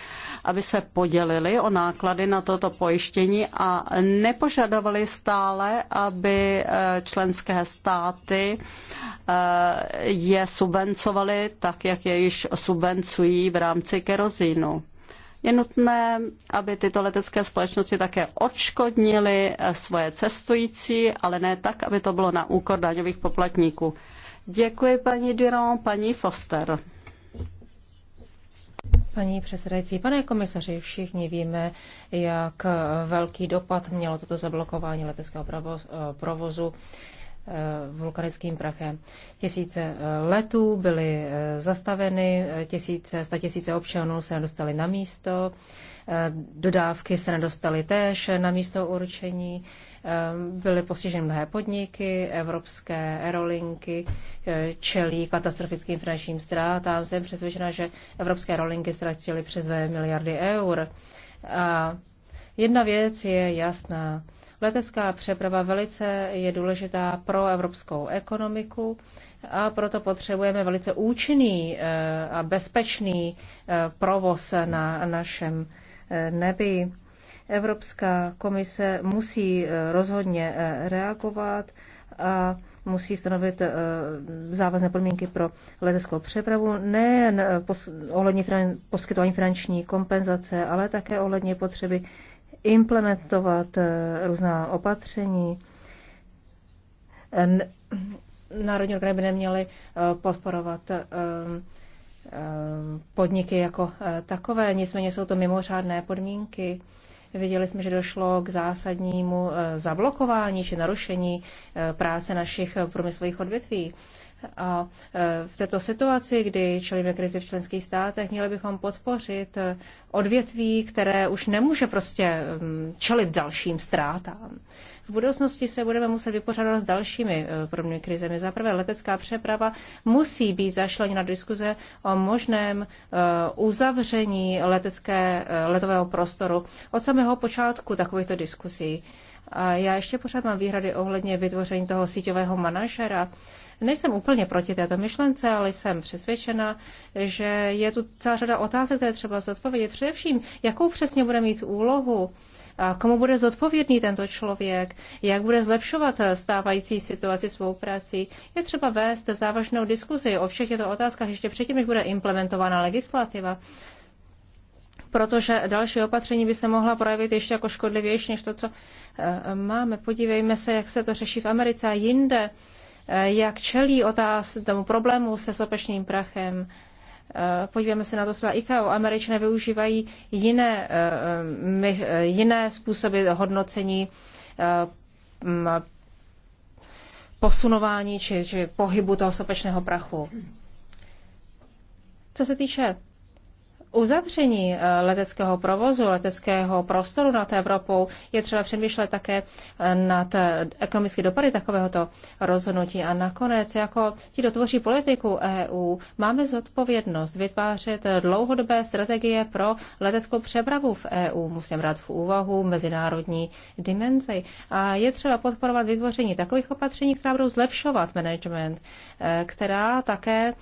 aby se podělili o náklady na toto pojištění a nepožadovali stále, aby eh, členské státy eh, je subvencovaly tak, jak je již subvencují v rámci kerozínu. Je nutné, aby tyto letecké společnosti také odškodnily eh, svoje cestující, ale ne tak, aby to bylo na úkor daňových poplatníků. Děkuji paní Durand, paní Foster. Paní předsedající, pane komisaři, všichni víme, jak velký dopad mělo toto zablokování leteckého provozu eh, Eh, vulkanickým prachem. Tisíce eh, letů byly eh, zastaveny, tisíce, sta tisíce občanů se nedostali na místo, dodávky se nedostaly též na místo určení, byly postiženy mnohé podniky, evropské aerolinky čelí katastrofickým finančním ztrátám. Jsem přesvědčena, že evropské aerolinky ztratily přes 2 miliardy eur. A jedna věc je jasná Letecká přeprava velice je důležitá pro evropskou ekonomiku a proto potřebujeme velice účinný eh, a bezpečný eh, provoz na našem eh, nebi. Evropská komise musí rozhodně reagovat a musí stanovit závazné podmínky pro leteckou přepravu, nejen ohledně poskytování finanční kompenzace, ale také ohledně potřeby implementovat eh, různá opatření. Národní orgány by neměly eh, podporovat eh, podniky jako takové, nicméně jsou to mimořádné podmínky. Viděli jsme, že došlo k zásadnímu zablokování či narušení práce našich průmyslových odvětví. A e, v této situaci, kdy čelíme krizi v členských státech, měli bychom podpořit e, odvětví, které už nemůže prostě mm, čelit dalším ztrátám. V budoucnosti se budeme muset vypořádat s dalšími e, podobnými krizemi. Za prvé, letecká přeprava musí být zašleněna diskuze o možném uzavření letecké, letového prostoru od samého počátku takovýchto diskusí. A já ještě pořád mám výhrady ohledně vytvoření toho síťového manažera, Nejsem úplně proti této myšlence, ale jsem přesvědčena, že je tu celá řada otázek, které třeba zodpovědět. Především, jakou přesně bude mít úlohu, komu bude zodpovědný tento člověk, jak bude zlepšovat stávající situaci svou prací. Je třeba vést závažnou diskuzi o všech těchto otázkách ještě předtím, než bude implementována legislativa protože další opatření by se mohla projevit ještě jako škodlivější než to, co eh, máme. Podívejme se, jak se to řeší v Americe a jinde. Eh, jak čelí otáz tomu problému se sopečným prachem. Eh, podívejme se na to svá ICAO. Američané využívají jiné, eh, jiné způsoby hodnocení posunování či, či pohybu toho sopečného prachu. Co se týče uzavření eh, leteckého provozu, leteckého prostoru nad Evropou je třeba přemýšlet také eh, nad eh, ekonomické dopady takovéhoto rozhodnutí. A nakonec, jako ti dotvoří politiku EU, máme zodpovědnost vytvářet dlouhodobé strategie pro leteckou přepravu v EU. Musím brát v úvahu mezinárodní dimenzi. A je třeba podporovat vytvoření takových opatření, která budou zlepšovat management, která také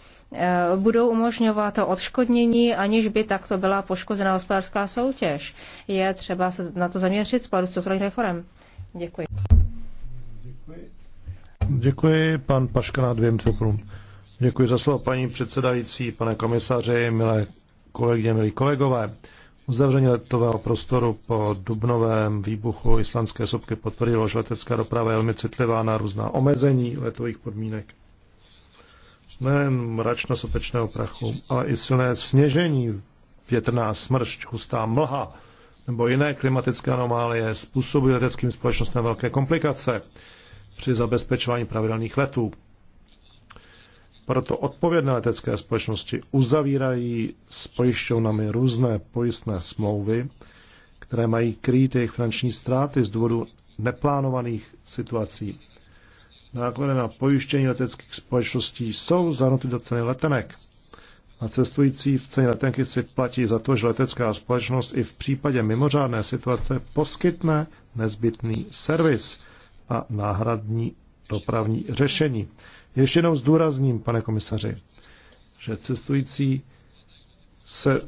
budou umožňovat odškodnění, aniž by takto byla poškozená hospodářská soutěž. Je třeba se na to zaměřit z pohledu strukturálních reform. Děkuji. Děkuji. Děkuji, pan Paška na dvěm cukrům. Děkuji za slovo, paní předsedající, pane komisaři, milé kolegyně, milí kolegové. Uzavření letového prostoru po dubnovém výbuchu islandské sopky potvrdilo, že letecká doprava je velmi citlivá na různá omezení letových podmínek. Nejen mračno sopečného prachu, ale i silné sněžení větrná smršť, hustá mlha nebo jiné klimatické anomálie způsobují leteckým společnostem velké komplikace při zabezpečování pravidelných letů. Proto odpovědné letecké společnosti uzavírají s pojišťovnami různé pojistné smlouvy, které mají krýt jejich finanční ztráty z důvodu neplánovaných situací. Náklady na pojištění leteckých společností jsou zahrnuty do ceny letenek a cestující v ceně letenky si platí za to, že letecká společnost i v případě mimořádné situace poskytne nezbytný servis a náhradní dopravní řešení. Ještě jednou zdůrazním, pane komisaři, že cestující se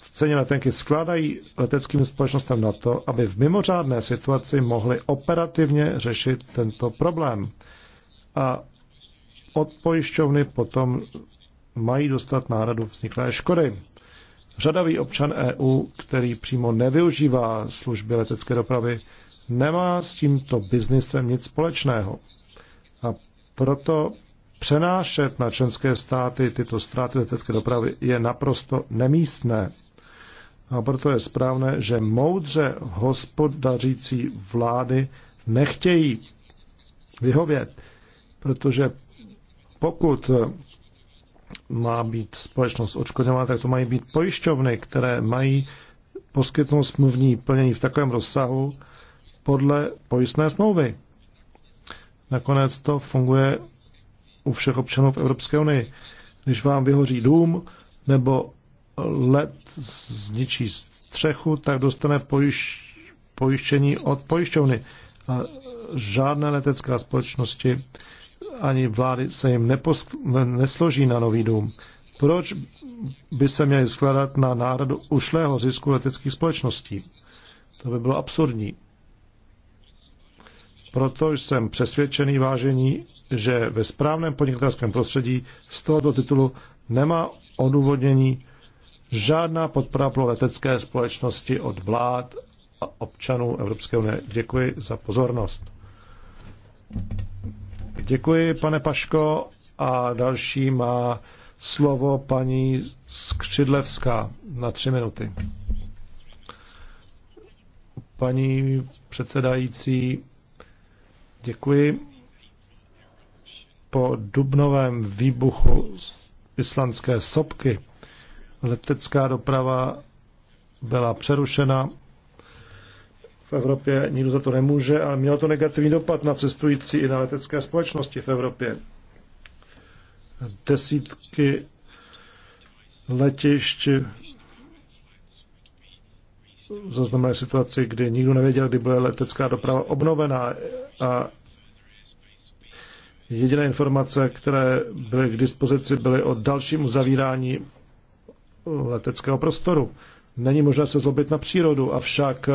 v ceně letenky skládají leteckým společnostem na to, aby v mimořádné situaci mohli operativně řešit tento problém. A od pojišťovny potom mají dostat náhradu vzniklé škody. Řadavý občan EU, který přímo nevyužívá služby letecké dopravy, nemá s tímto biznisem nic společného. A proto přenášet na členské státy tyto ztráty letecké dopravy je naprosto nemístné. A proto je správné, že moudře hospodařící vlády nechtějí vyhovět, protože pokud má být společnost odškodňována, tak to mají být pojišťovny, které mají poskytnout smluvní plnění v takovém rozsahu podle pojistné smlouvy. Nakonec to funguje u všech občanů v Evropské unii. Když vám vyhoří dům nebo led zničí střechu, tak dostane pojiš, pojištění od pojišťovny. A žádné letecké společnosti ani vlády se jim neposk, nesloží na nový dům. Proč by se měli skladat na národu ušlého zisku leteckých společností? To by bylo absurdní. Proto jsem přesvědčený vážení, že ve správném podnikatelském prostředí z tohoto titulu nemá odůvodnění žádná podpora pro letecké společnosti od vlád a občanů Evropské unie. Děkuji za pozornost. Děkuji, pane Paško. A další má slovo paní Skřidlevská na tři minuty. Paní předsedající, děkuji. Po dubnovém výbuchu islandské sopky letecká doprava byla přerušena v Evropě, nikdo za to nemůže, ale mělo to negativní dopad na cestující i na letecké společnosti v Evropě. Desítky letišť zaznamenali situaci, kdy nikdo nevěděl, kdy bude letecká doprava obnovená a jediné informace, které byly k dispozici, byly o dalším uzavírání leteckého prostoru. Není možné se zlobit na přírodu, avšak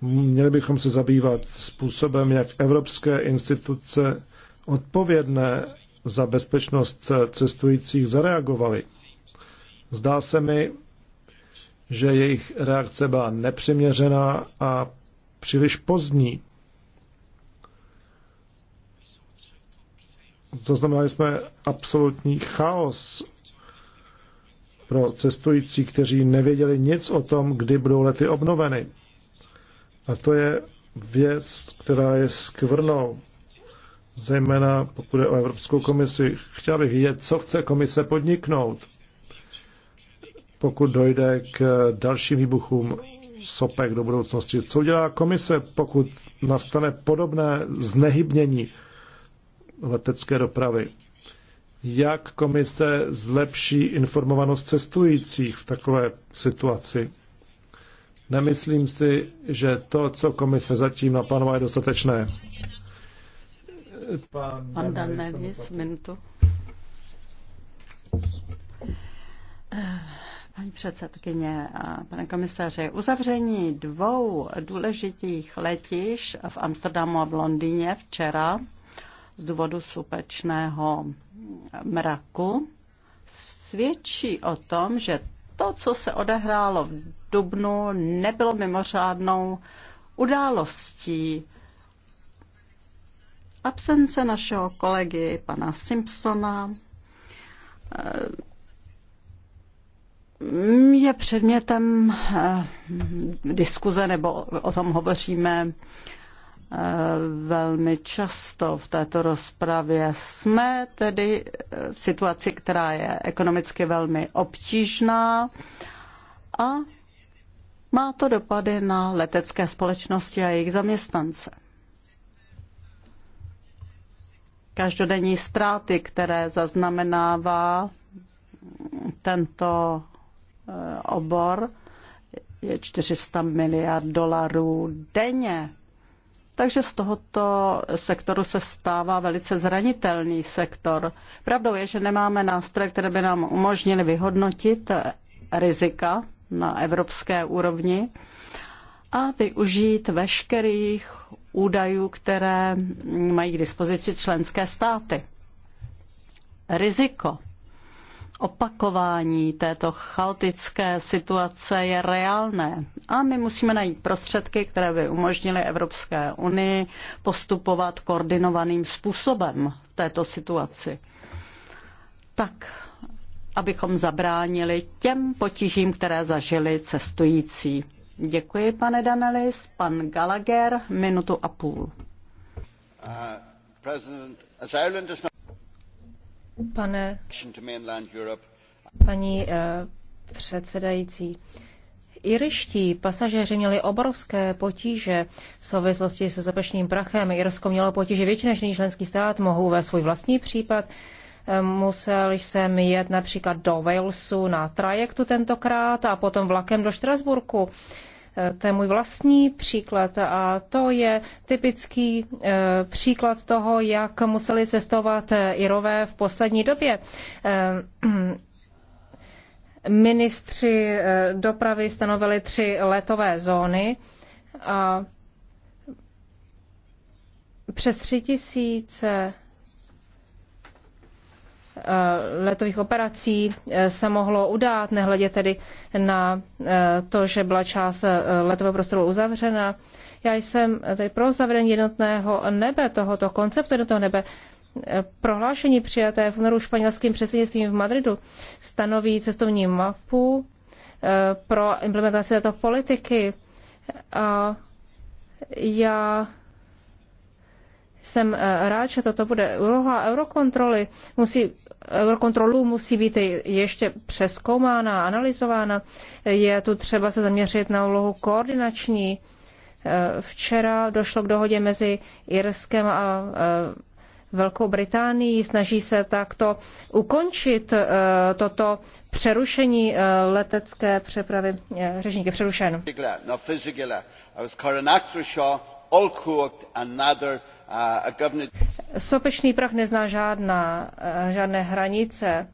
Měli bychom se zabývat způsobem, jak evropské instituce odpovědné za bezpečnost cestujících zareagovaly. Zdá se mi, že jejich reakce byla nepřiměřená a příliš pozdní. Zaznamenali jsme absolutní chaos pro cestující, kteří nevěděli nic o tom, kdy budou lety obnoveny. A to je věc, která je skvrnou, zejména pokud je o Evropskou komisi. Chtěl bych vědět, co chce komise podniknout, pokud dojde k dalším výbuchům sopek do budoucnosti. Co udělá komise, pokud nastane podobné znehybnění letecké dopravy? Jak komise zlepší informovanost cestujících v takové situaci? Nemyslím si, že to, co komise zatím naplánová, je dostatečné. Pan, Pan minutu. Eh, paní předsedkyně a eh, pane komisaři, uzavření dvou důležitých letiš v Amsterdamu a v Londýně včera z důvodu supečného mraku svědčí o tom, že to, co se odehrálo v Dubnu, nebylo mimořádnou událostí. Absence našeho kolegy, pana Simpsona, eh, je předmětem eh, diskuze, nebo o tom hovoříme Eh, velmi často v této rozpravě. Jsme tedy eh, v situaci, která je ekonomicky velmi obtížná a má to dopady na letecké společnosti a jejich zaměstnance. Každodenní ztráty, které zaznamenává tento eh, obor, je 400 miliard dolarů denně. Takže z tohoto sektoru se stává velice zranitelný sektor. Pravdou je, že nemáme nástroje, které by nám umožnily vyhodnotit rizika na evropské úrovni a využít veškerých údajů, které mají k dispozici členské státy. Riziko opakování této chaotické situace je reálné a my musíme najít prostředky, které by umožnily Evropské unii postupovat koordinovaným způsobem v této situaci. Tak, abychom zabránili těm potížím, které zažili cestující. Děkuji, pane Danelis. Pan Gallagher, minutu a půl. Uh, Pane, paní eh, předsedající, Irští pasažéři měli obrovské potíže v souvislosti se zapešným prachem. Irsko mělo potíže větší než členský stát, mohu ve svůj vlastní případ. Eh, musel jsem jet například do Walesu na trajektu tentokrát a potom vlakem do Štrasburku. To je můj vlastní příklad a to je typický eh, příklad toho, jak museli cestovat eh, Irové v poslední době eh, ministři dopravy stanovili tři letové zóny a přes tři tisíce Eh, letových operací eh, se mohlo udát, nehledě tedy na eh, to, že byla část letového prostoru uzavřena. Já jsem tedy pro uzavření jednotného nebe, tohoto konceptu jednotného nebe, prohlášení přijaté v únoru španělským předsednictvím v Madridu stanoví cestovní mapu pro implementaci této politiky. A já jsem rád, že toto bude úloha eurokontroly. Musí Eurokontrolu musí být ještě přeskoumána a analyzována. Je tu třeba se zaměřit na úlohu koordinační. Eh, Včera došlo k dohodě mezi Irskem a eh, Velkou Británií. Snaží se takto ukončit eh, toto přerušení letecké přepravy. Řečník je přerušen. No, Sopečný prach nezná žádná, eh, žádné hranice.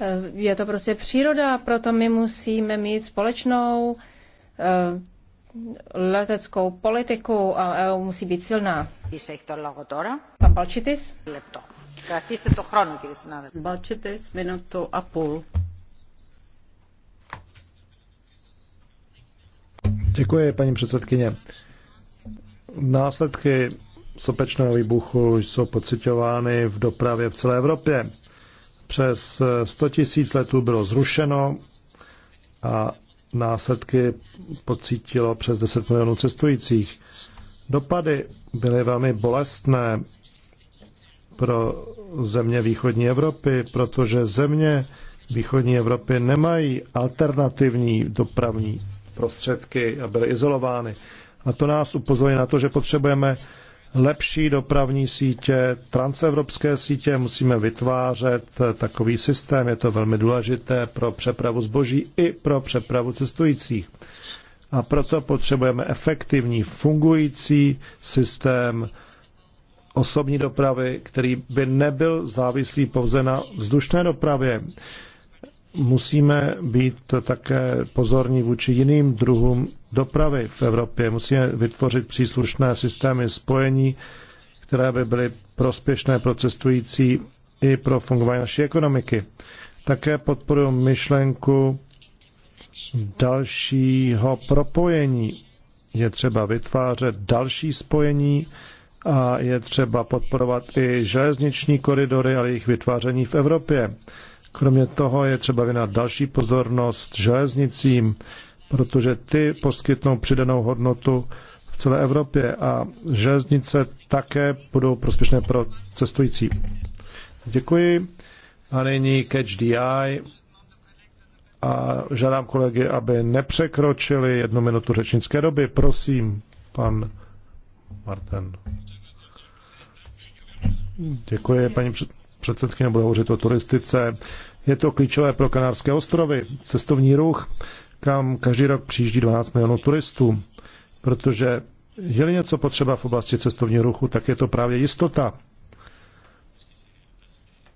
Eh, je to prostě příroda, proto my musíme mít společnou eh, leteckou politiku a EU musí být silná. Pan Balčitis? Balčitis, minutu a půl. Děkuji, paní předsedkyně. Následky sopečného výbuchu jsou pocitovány v dopravě v celé Evropě. Přes 100 tisíc letů bylo zrušeno a následky pocítilo přes 10 milionů cestujících. Dopady byly velmi bolestné pro země východní Evropy, protože země východní Evropy nemají alternativní dopravní prostředky a byly izolovány. A to nás upozorňuje na to, že potřebujeme lepší dopravní sítě, transevropské sítě, musíme vytvářet takový systém, je to velmi důležité pro přepravu zboží i pro přepravu cestujících. A proto potřebujeme efektivní, fungující systém osobní dopravy, který by nebyl závislý pouze na vzdušné dopravě musíme být také pozorní vůči jiným druhům dopravy v Evropě. Musíme vytvořit příslušné systémy spojení, které by byly prospěšné pro cestující i pro fungování naší ekonomiky. Také podporuji myšlenku dalšího propojení. Je třeba vytvářet další spojení a je třeba podporovat i železniční koridory, ale jejich vytváření v Evropě. Kromě toho je třeba věnat další pozornost železnicím, protože ty poskytnou přidanou hodnotu v celé Evropě a železnice také budou prospěšné pro cestující. Děkuji. A nyní Catch the Eye. A žádám kolegy, aby nepřekročili jednu minutu řečnické doby. Prosím, pan Martin. Děkuji, paní předsedající předsedkyně bude hovořit o turistice. Je to klíčové pro Kanárské ostrovy, cestovní ruch, kam každý rok přijíždí 12 milionů turistů, protože je něco potřeba v oblasti cestovního ruchu, tak je to právě jistota.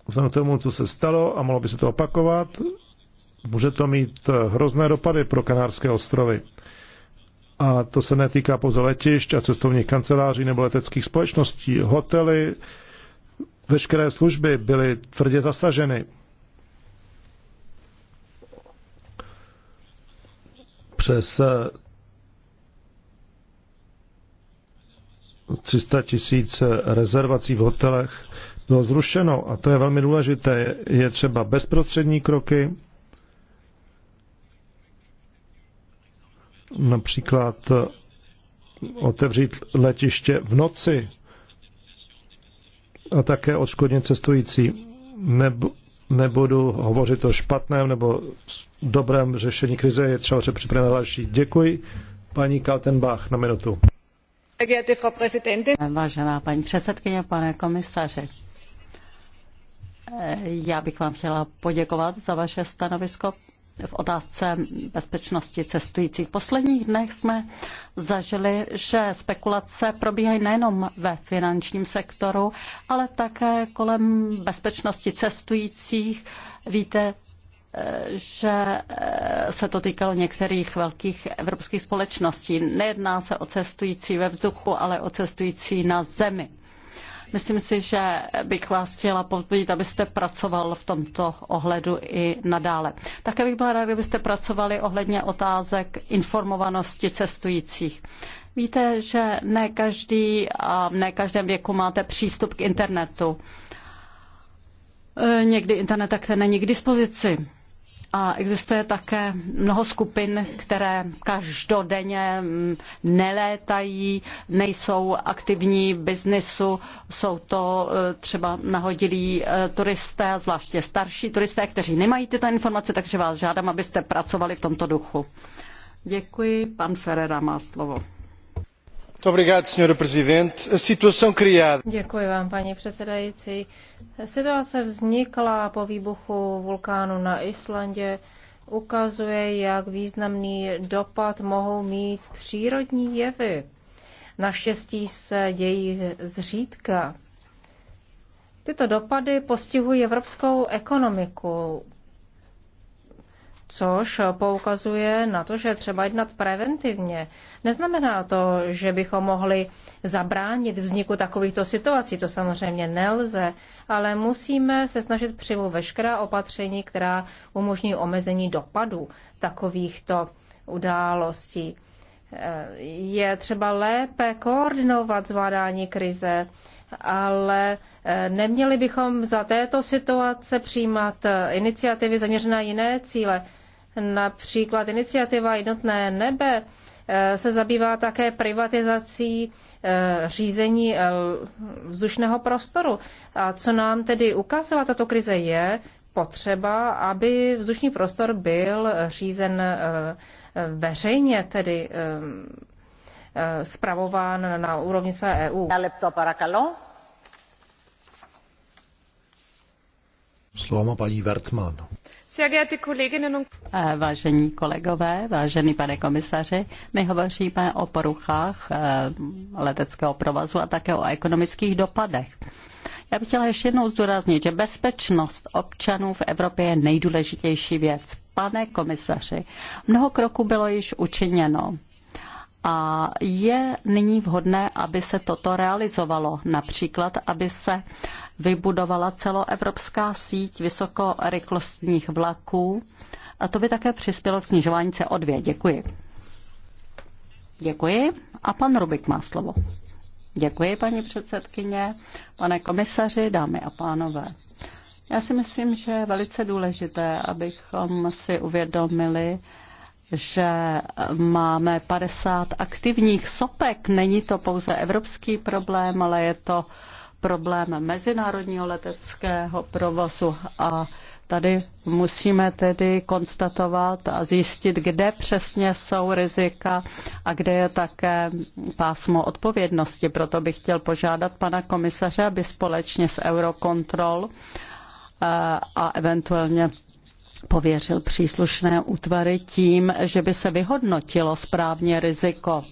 Vzhledem tomu, co se stalo a mohlo by se to opakovat, může to mít hrozné dopady pro Kanárské ostrovy. A to se netýká pouze letišť a cestovních kanceláří nebo leteckých společností. Hotely, veškeré služby byly tvrdě zasaženy. Přes 300 eh, tisíc eh, rezervací v hotelech bylo zrušeno a to je velmi důležité. Je třeba bezprostřední kroky, například eh, otevřít letiště v noci a také odškodnit cestující. Nebo, nebudu hovořit o špatném nebo dobrém řešení krize, je třeba se připravit další. Děkuji. Paní Kaltenbach na minutu. Vážená paní předsedkyně, pane komisaři, já bych vám chtěla poděkovat za vaše stanovisko, v otázce bezpečnosti cestujících. V posledních dnech jsme zažili, že spekulace probíhají nejenom ve finančním sektoru, ale také kolem bezpečnosti cestujících. Víte, eh, že eh, se to týkalo některých velkých evropských společností. Nejedná se o cestující ve vzduchu, ale o cestující na zemi. Myslím si, že bych vás chtěla pozbudit, abyste pracoval v tomto ohledu i nadále. Také bych byla ráda, kdybyste pracovali ohledně otázek informovanosti cestujících. Víte, že ne každý a ne každém věku máte přístup k internetu. E, někdy internet tak není k dispozici. A existuje také mnoho skupin, které každodenně mm, nelétají, nejsou aktivní v biznisu, jsou to e, třeba nahodilí e, turisté, zvláště starší turisté, kteří nemají tyto informace, takže vás žádám, abyste pracovali v tomto duchu. Děkuji, pan Ferrera má slovo. Děkuji paní předsedající. Situace vznikla po výbuchu vulkánu na Islandě ukazuje, jak významný dopad mohou mít přírodní jevy. Naštěstí se dějí zřídka. Tyto dopady postihují evropskou ekonomiku což poukazuje na to, že třeba jednat preventivně. Neznamená to, že bychom mohli zabránit vzniku takovýchto situací, to samozřejmě nelze, ale musíme se snažit přijmout veškerá opatření, která umožní omezení dopadu takovýchto událostí. Je třeba lépe koordinovat zvládání krize, ale eh, neměli bychom za této situace přijímat eh, iniciativy zaměřené na jiné cíle. Například iniciativa Jednotné nebe eh, se zabývá také privatizací eh, řízení eh, vzdušného prostoru. A co nám tedy ukázala tato krize je potřeba, aby vzdušný prostor byl řízen veřejně, tedy spravován na úrovni celé EU. Slovo má paní Wertmann. Eh, vážení kolegové, vážený pane komisaři, my hovoříme o poruchách eh, leteckého provazu a také o ekonomických dopadech. Já bych chtěla ještě jednou zdůraznit, že bezpečnost občanů v Evropě je nejdůležitější věc. Pane komisaři, mnoho kroků bylo již učiněno a je nyní vhodné, aby se toto realizovalo, například, aby se vybudovala celoevropská síť vysokorychlostních vlaků a to by také přispělo k snižování CO2. Děkuji. Děkuji a pan Rubik má slovo. Děkuji, paní předsedkyně, pane komisaři, dámy a pánové. Já si myslím, že je velice důležité, abychom si uvědomili, že máme 50 aktivních sopek. Není to pouze evropský problém, ale je to problém mezinárodního leteckého provozu a tady musíme tedy konstatovat a zjistit, kde přesně jsou rizika a kde je také pásmo odpovědnosti. Proto bych chtěl požádat pana komisaře, aby společně s Eurocontrol eh, a eventuálně pověřil příslušné útvary tím, že by se vyhodnotilo správně riziko.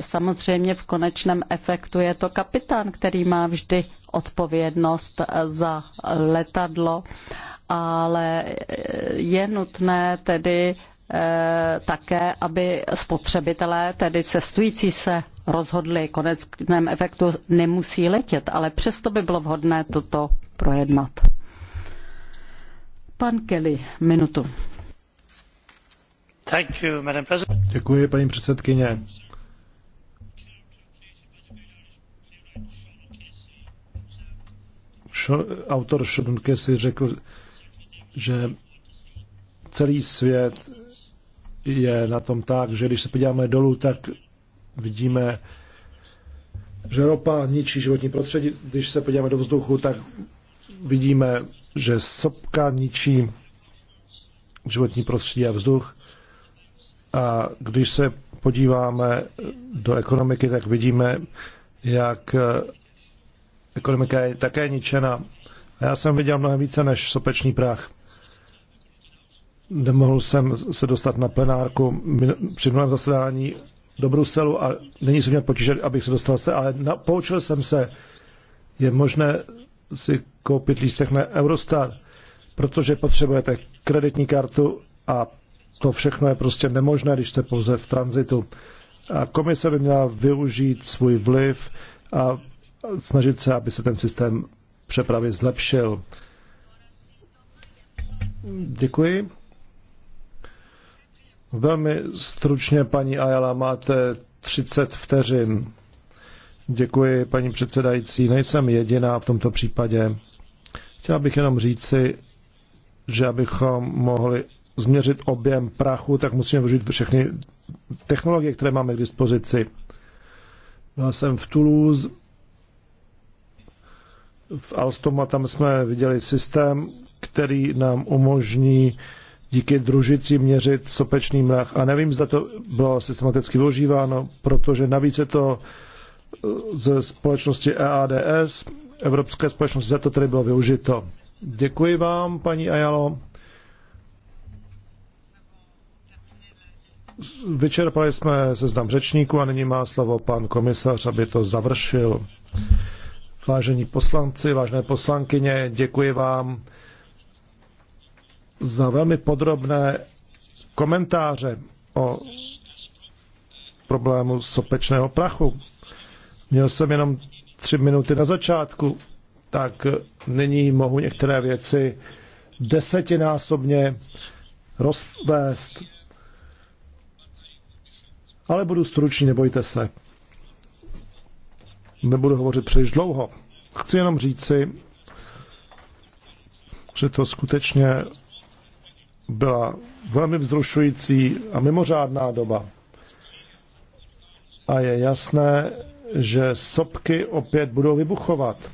Samozřejmě v konečném efektu je to kapitán, který má vždy odpovědnost eh, za letadlo, ale eh, je nutné tedy eh, také, aby spotřebitelé, tedy cestující se rozhodli, konec efektu nemusí letět, ale přesto by bylo vhodné toto projednat. Děkuji, paní předsedkyně. autor Sean si řekl, že celý svět je na tom tak, že když se podíváme dolů, tak vidíme, že ropa ničí životní prostředí. Když se podíváme do vzduchu, tak vidíme že sopka ničí životní prostředí a vzduch. A když se podíváme do ekonomiky, tak vidíme, jak eh, ekonomika je také ničena. A já jsem viděl mnohem více než sopečný prach. Nemohl jsem se dostat na plenárku při mnohem zasedání do Bruselu a není se mě potíže, abych se dostal se, ale na, poučil jsem se, je možné si koupit lístek na Eurostar, protože potřebujete kreditní kartu a to všechno je prostě nemožné, když jste pouze v tranzitu. A komise by měla využít svůj vliv a snažit se, aby se ten systém přepravy zlepšil. Děkuji. Velmi stručně, paní Ayala máte 30 vteřin. Děkuji, paní předsedající. Nejsem jediná v tomto případě. Chtěla bych jenom říci, že abychom mohli změřit objem prachu, tak musíme využít všechny technologie, které máme k dispozici. Byl jsem v Toulouse, v Alstom a tam jsme viděli systém, který nám umožní díky družici měřit sopečný mlach. A nevím, zda to bylo systematicky využíváno, protože navíc je to ze společnosti EADS, Evropské společnosti, Z to bylo využito. Děkuji vám, paní Ajalo. Vyčerpali jsme seznam řečníků a nyní má slovo pan komisař, aby to završil. Vážení poslanci, vážné poslankyně, děkuji vám za velmi podrobné komentáře o problému sopečného prachu. Měl jsem jenom tři minuty na začátku, tak nyní mohu některé věci desetinásobně rozvést. Ale budu stručný, nebojte se. Nebudu hovořit příliš dlouho. Chci jenom říci, že to skutečně byla velmi vzrušující a mimořádná doba. A je jasné, že sopky opět budou vybuchovat.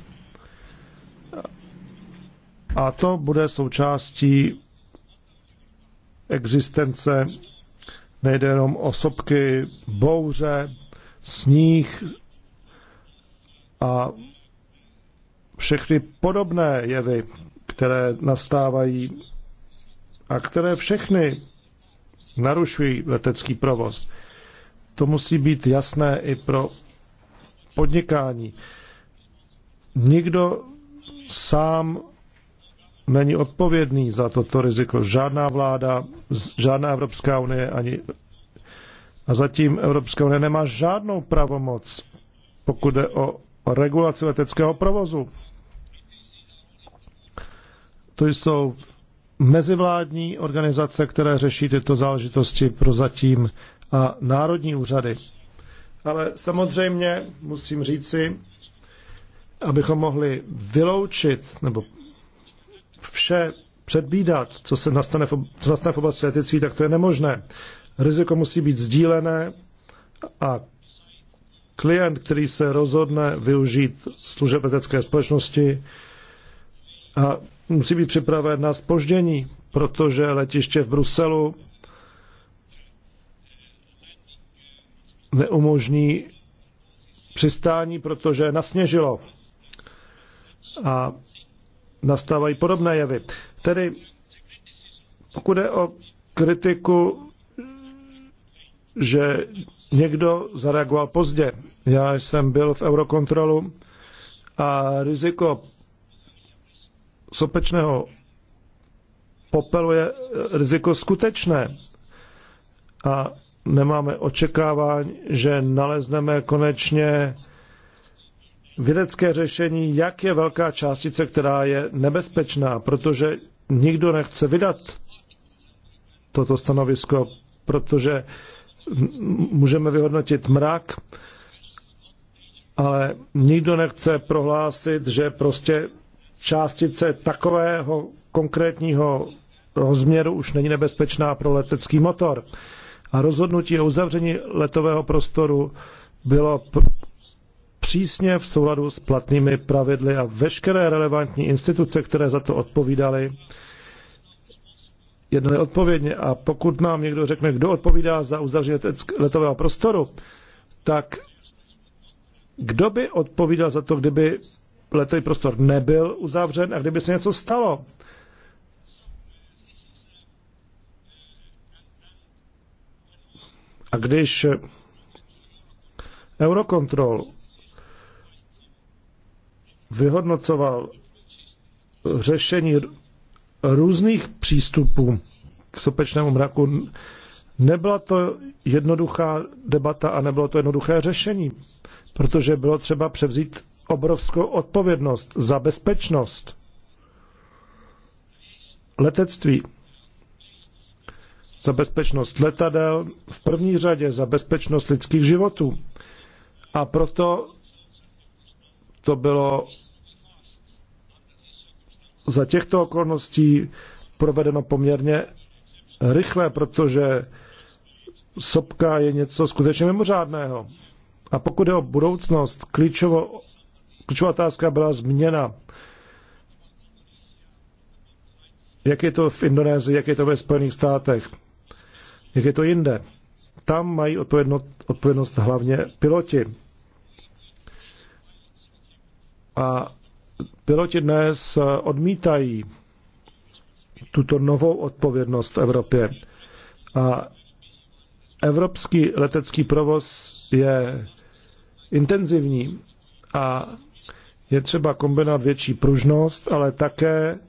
A to bude součástí existence nejde jenom o sopky, bouře, sníh a všechny podobné jevy, které nastávají a které všechny narušují letecký provoz. To musí být jasné i pro podnikání. Nikdo sám není odpovědný za toto riziko. Žádná vláda, žádná Evropská unie ani. A zatím Evropská unie nemá žádnou pravomoc, pokud jde o regulaci leteckého provozu. To jsou mezivládní organizace, které řeší tyto záležitosti pro zatím a národní úřady ale samozřejmě musím říci, abychom mohli vyloučit nebo vše předbídat, co se nastane v, co nastane v oblasti letectví, tak to je nemožné. Riziko musí být sdílené a klient, který se rozhodne využít služeb letecké společnosti, a musí být připraven na spoždění, protože letiště v Bruselu neumožní přistání, protože nasněžilo. A nastávají podobné jevy. Tedy pokud je o kritiku, že někdo zareagoval pozdě. Já jsem byl v Eurokontrolu a riziko sopečného popelu je riziko skutečné. A nemáme očekávání, že nalezneme konečně vědecké řešení, jak je velká částice, která je nebezpečná, protože nikdo nechce vydat toto stanovisko, protože můžeme vyhodnotit mrak, ale nikdo nechce prohlásit, že prostě částice takového konkrétního rozměru už není nebezpečná pro letecký motor a rozhodnutí o uzavření letového prostoru bylo pr- přísně v souladu s platnými pravidly a veškeré relevantní instituce, které za to odpovídaly, jednali odpovědně. A pokud nám někdo řekne, kdo odpovídá za uzavření letového prostoru, tak kdo by odpovídal za to, kdyby letový prostor nebyl uzavřen a kdyby se něco stalo? A když Eurocontrol vyhodnocoval řešení různých přístupů k sopečnému mraku, nebyla to jednoduchá debata a nebylo to jednoduché řešení, protože bylo třeba převzít obrovskou odpovědnost za bezpečnost letectví za bezpečnost letadel, v první řadě za bezpečnost lidských životů. A proto to bylo za těchto okolností provedeno poměrně rychle, protože sopka je něco skutečně mimořádného. A pokud je o budoucnost, klíčovo, klíčová otázka byla změna. Jak je to v Indonésii, jak je to ve Spojených státech jak je to jinde. Tam mají odpovědnost, odpovědnost hlavně piloti. A piloti dnes odmítají tuto novou odpovědnost v Evropě. A evropský letecký provoz je intenzivní a je třeba kombinovat větší pružnost, ale také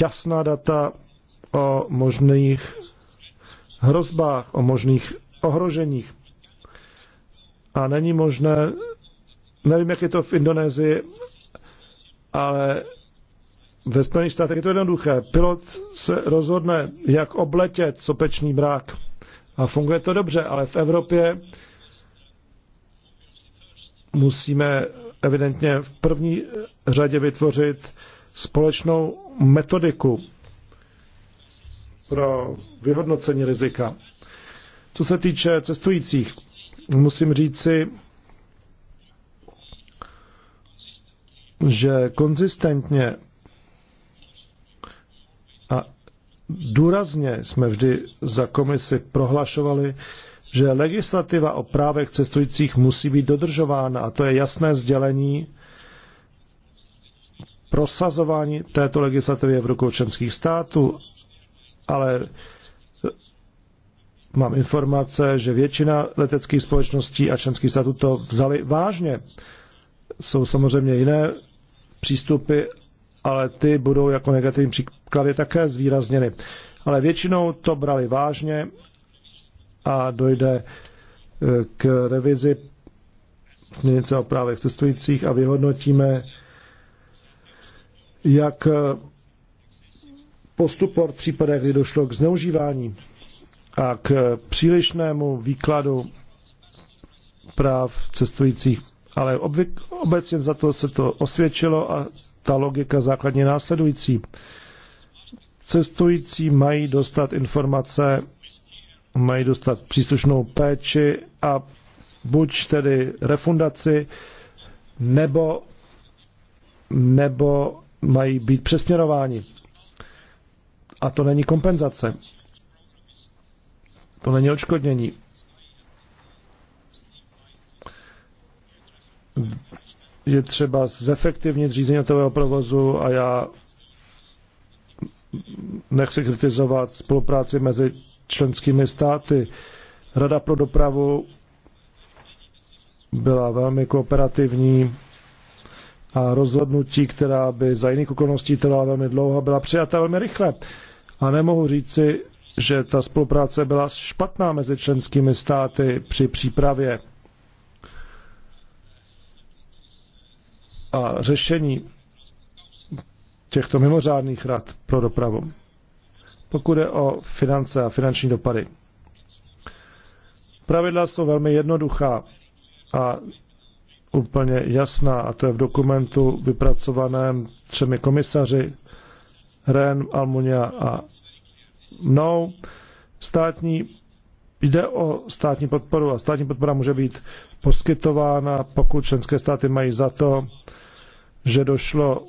jasná data o možných hrozbách, o možných ohroženích. A není možné, nevím, jak je to v Indonésii, ale ve Spojených státech je to jednoduché. Pilot se rozhodne, jak obletět sopečný brák. A funguje to dobře, ale v Evropě musíme evidentně v první řadě vytvořit společnou metodiku pro vyhodnocení rizika. Co se týče cestujících, musím říci, že konzistentně a důrazně jsme vždy za komisi prohlašovali, že legislativa o právech cestujících musí být dodržována a to je jasné sdělení. Prosazování této legislativy v rukou členských států ale eh, mám informace, že většina leteckých společností a členských států to vzali vážně. Jsou samozřejmě jiné přístupy, ale ty budou jako negativní příklady také zvýrazněny. Ale většinou to brali vážně a dojde eh, k revizi směrnice o právech cestujících a vyhodnotíme, jak eh, postupovat v případech, kdy došlo k zneužívání a k eh, přílišnému výkladu práv cestujících. Ale obvyk, obecně za to se to osvědčilo a ta logika základně následující. Cestující mají dostat informace, mají dostat příslušnou péči a buď tedy refundaci, nebo, nebo mají být přesměrováni. A to není kompenzace. To není odškodnění. Je třeba zefektivnit řízení toho provozu a já nechci kritizovat spolupráci mezi členskými státy. Rada pro dopravu byla velmi kooperativní a rozhodnutí, která by za jiných okolností trvala velmi dlouho, byla přijata velmi rychle. A nemohu říci, že ta spolupráce byla špatná mezi členskými státy při přípravě a řešení těchto mimořádných rad pro dopravu. Pokud je o finance a finanční dopady. Pravidla jsou velmi jednoduchá a úplně jasná, a to je v dokumentu vypracovaném třemi komisaři Ren, Almunia a mnou. Státní, jde o státní podporu a státní podpora může být poskytována, pokud členské státy mají za to, že došlo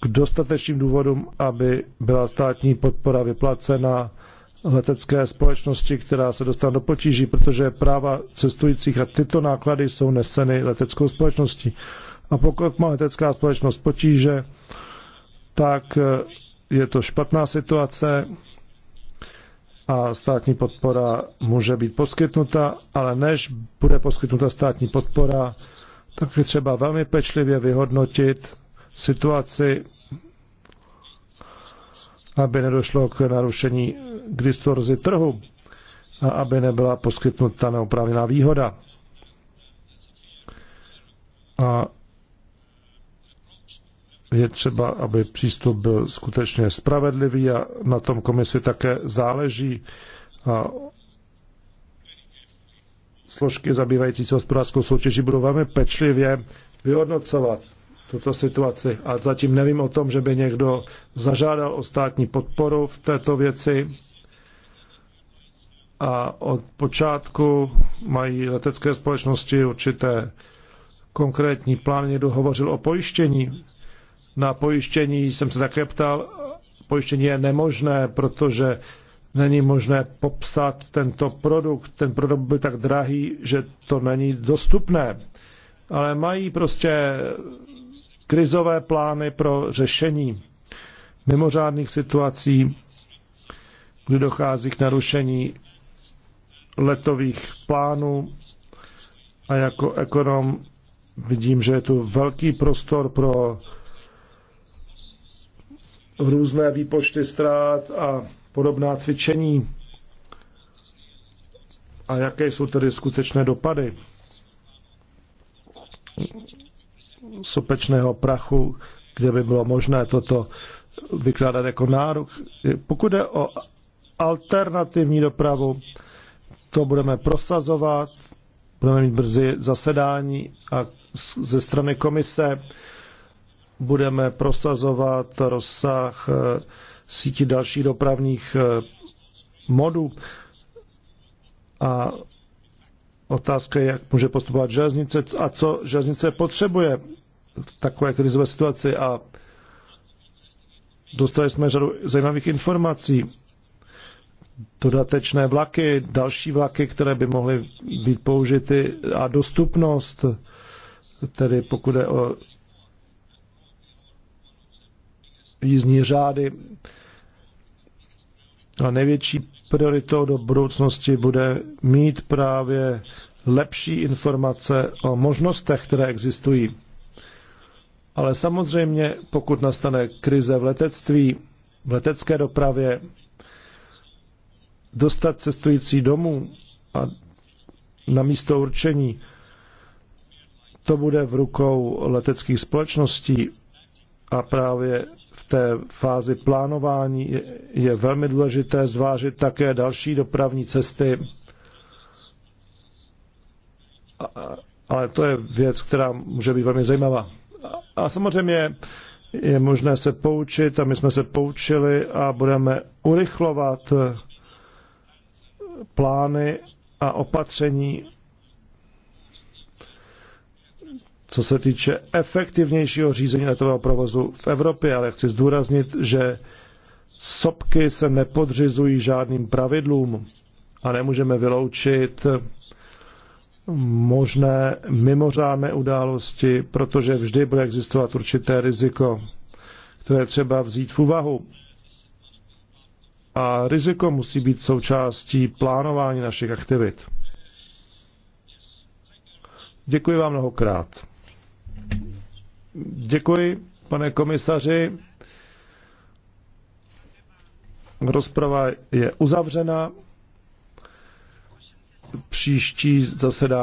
k dostatečným důvodům, aby byla státní podpora vyplacena letecké společnosti, která se dostane do potíží, protože práva cestujících a tyto náklady jsou neseny leteckou společností. A pokud má letecká společnost potíže, tak eh, je to špatná situace a státní podpora může být poskytnuta, ale než bude poskytnuta státní podpora, tak je třeba velmi pečlivě vyhodnotit situaci, aby nedošlo k narušení k distorzi trhu a aby nebyla poskytnuta neoprávněná výhoda. A je třeba, aby přístup byl skutečně spravedlivý a na tom komisi také záleží. A složky zabývající se hospodářskou soutěží budou velmi pečlivě vyhodnocovat tuto situaci. A zatím nevím o tom, že by někdo zažádal o státní podporu v této věci. A od počátku mají letecké společnosti určité konkrétní plán. Někdo hovořil o pojištění na pojištění jsem se také ptal, pojištění je nemožné, protože není možné popsat tento produkt. Ten produkt byl tak drahý, že to není dostupné. Ale mají prostě krizové plány pro řešení mimořádných situací, kdy dochází k narušení letových plánů a jako ekonom vidím, že je tu velký prostor pro různé výpočty ztrát a podobná cvičení. A jaké jsou tedy skutečné dopady sopečného prachu, kde by bylo možné toto vykládat jako nárok. Pokud jde o alternativní dopravu, to budeme prosazovat, budeme mít brzy zasedání a ze strany komise budeme prosazovat rozsah eh, sítí dalších dopravních eh, modů. A otázka je, jak může postupovat železnice a co železnice potřebuje v takové krizové situaci. A dostali jsme řadu zajímavých informací. Dodatečné vlaky, další vlaky, které by mohly být použity a dostupnost, tedy pokud je o jízdní řády. A největší prioritou do budoucnosti bude mít právě lepší informace o možnostech, které existují. Ale samozřejmě, pokud nastane krize v letectví, v letecké dopravě, dostat cestující domů a na místo určení, to bude v rukou leteckých společností a právě v té fázi plánování je velmi důležité zvážit také další dopravní cesty. Ale to je věc, která může být velmi zajímavá. A samozřejmě je možné se poučit a my jsme se poučili a budeme urychlovat plány a opatření co se týče efektivnějšího řízení letového provozu v Evropě, ale chci zdůraznit, že sopky se nepodřizují žádným pravidlům a nemůžeme vyloučit možné mimořádné události, protože vždy bude existovat určité riziko, které třeba vzít v úvahu. A riziko musí být součástí plánování našich aktivit. Děkuji vám mnohokrát. Děkuji, pane komisaři. Rozprava je uzavřena. Příští zasedání.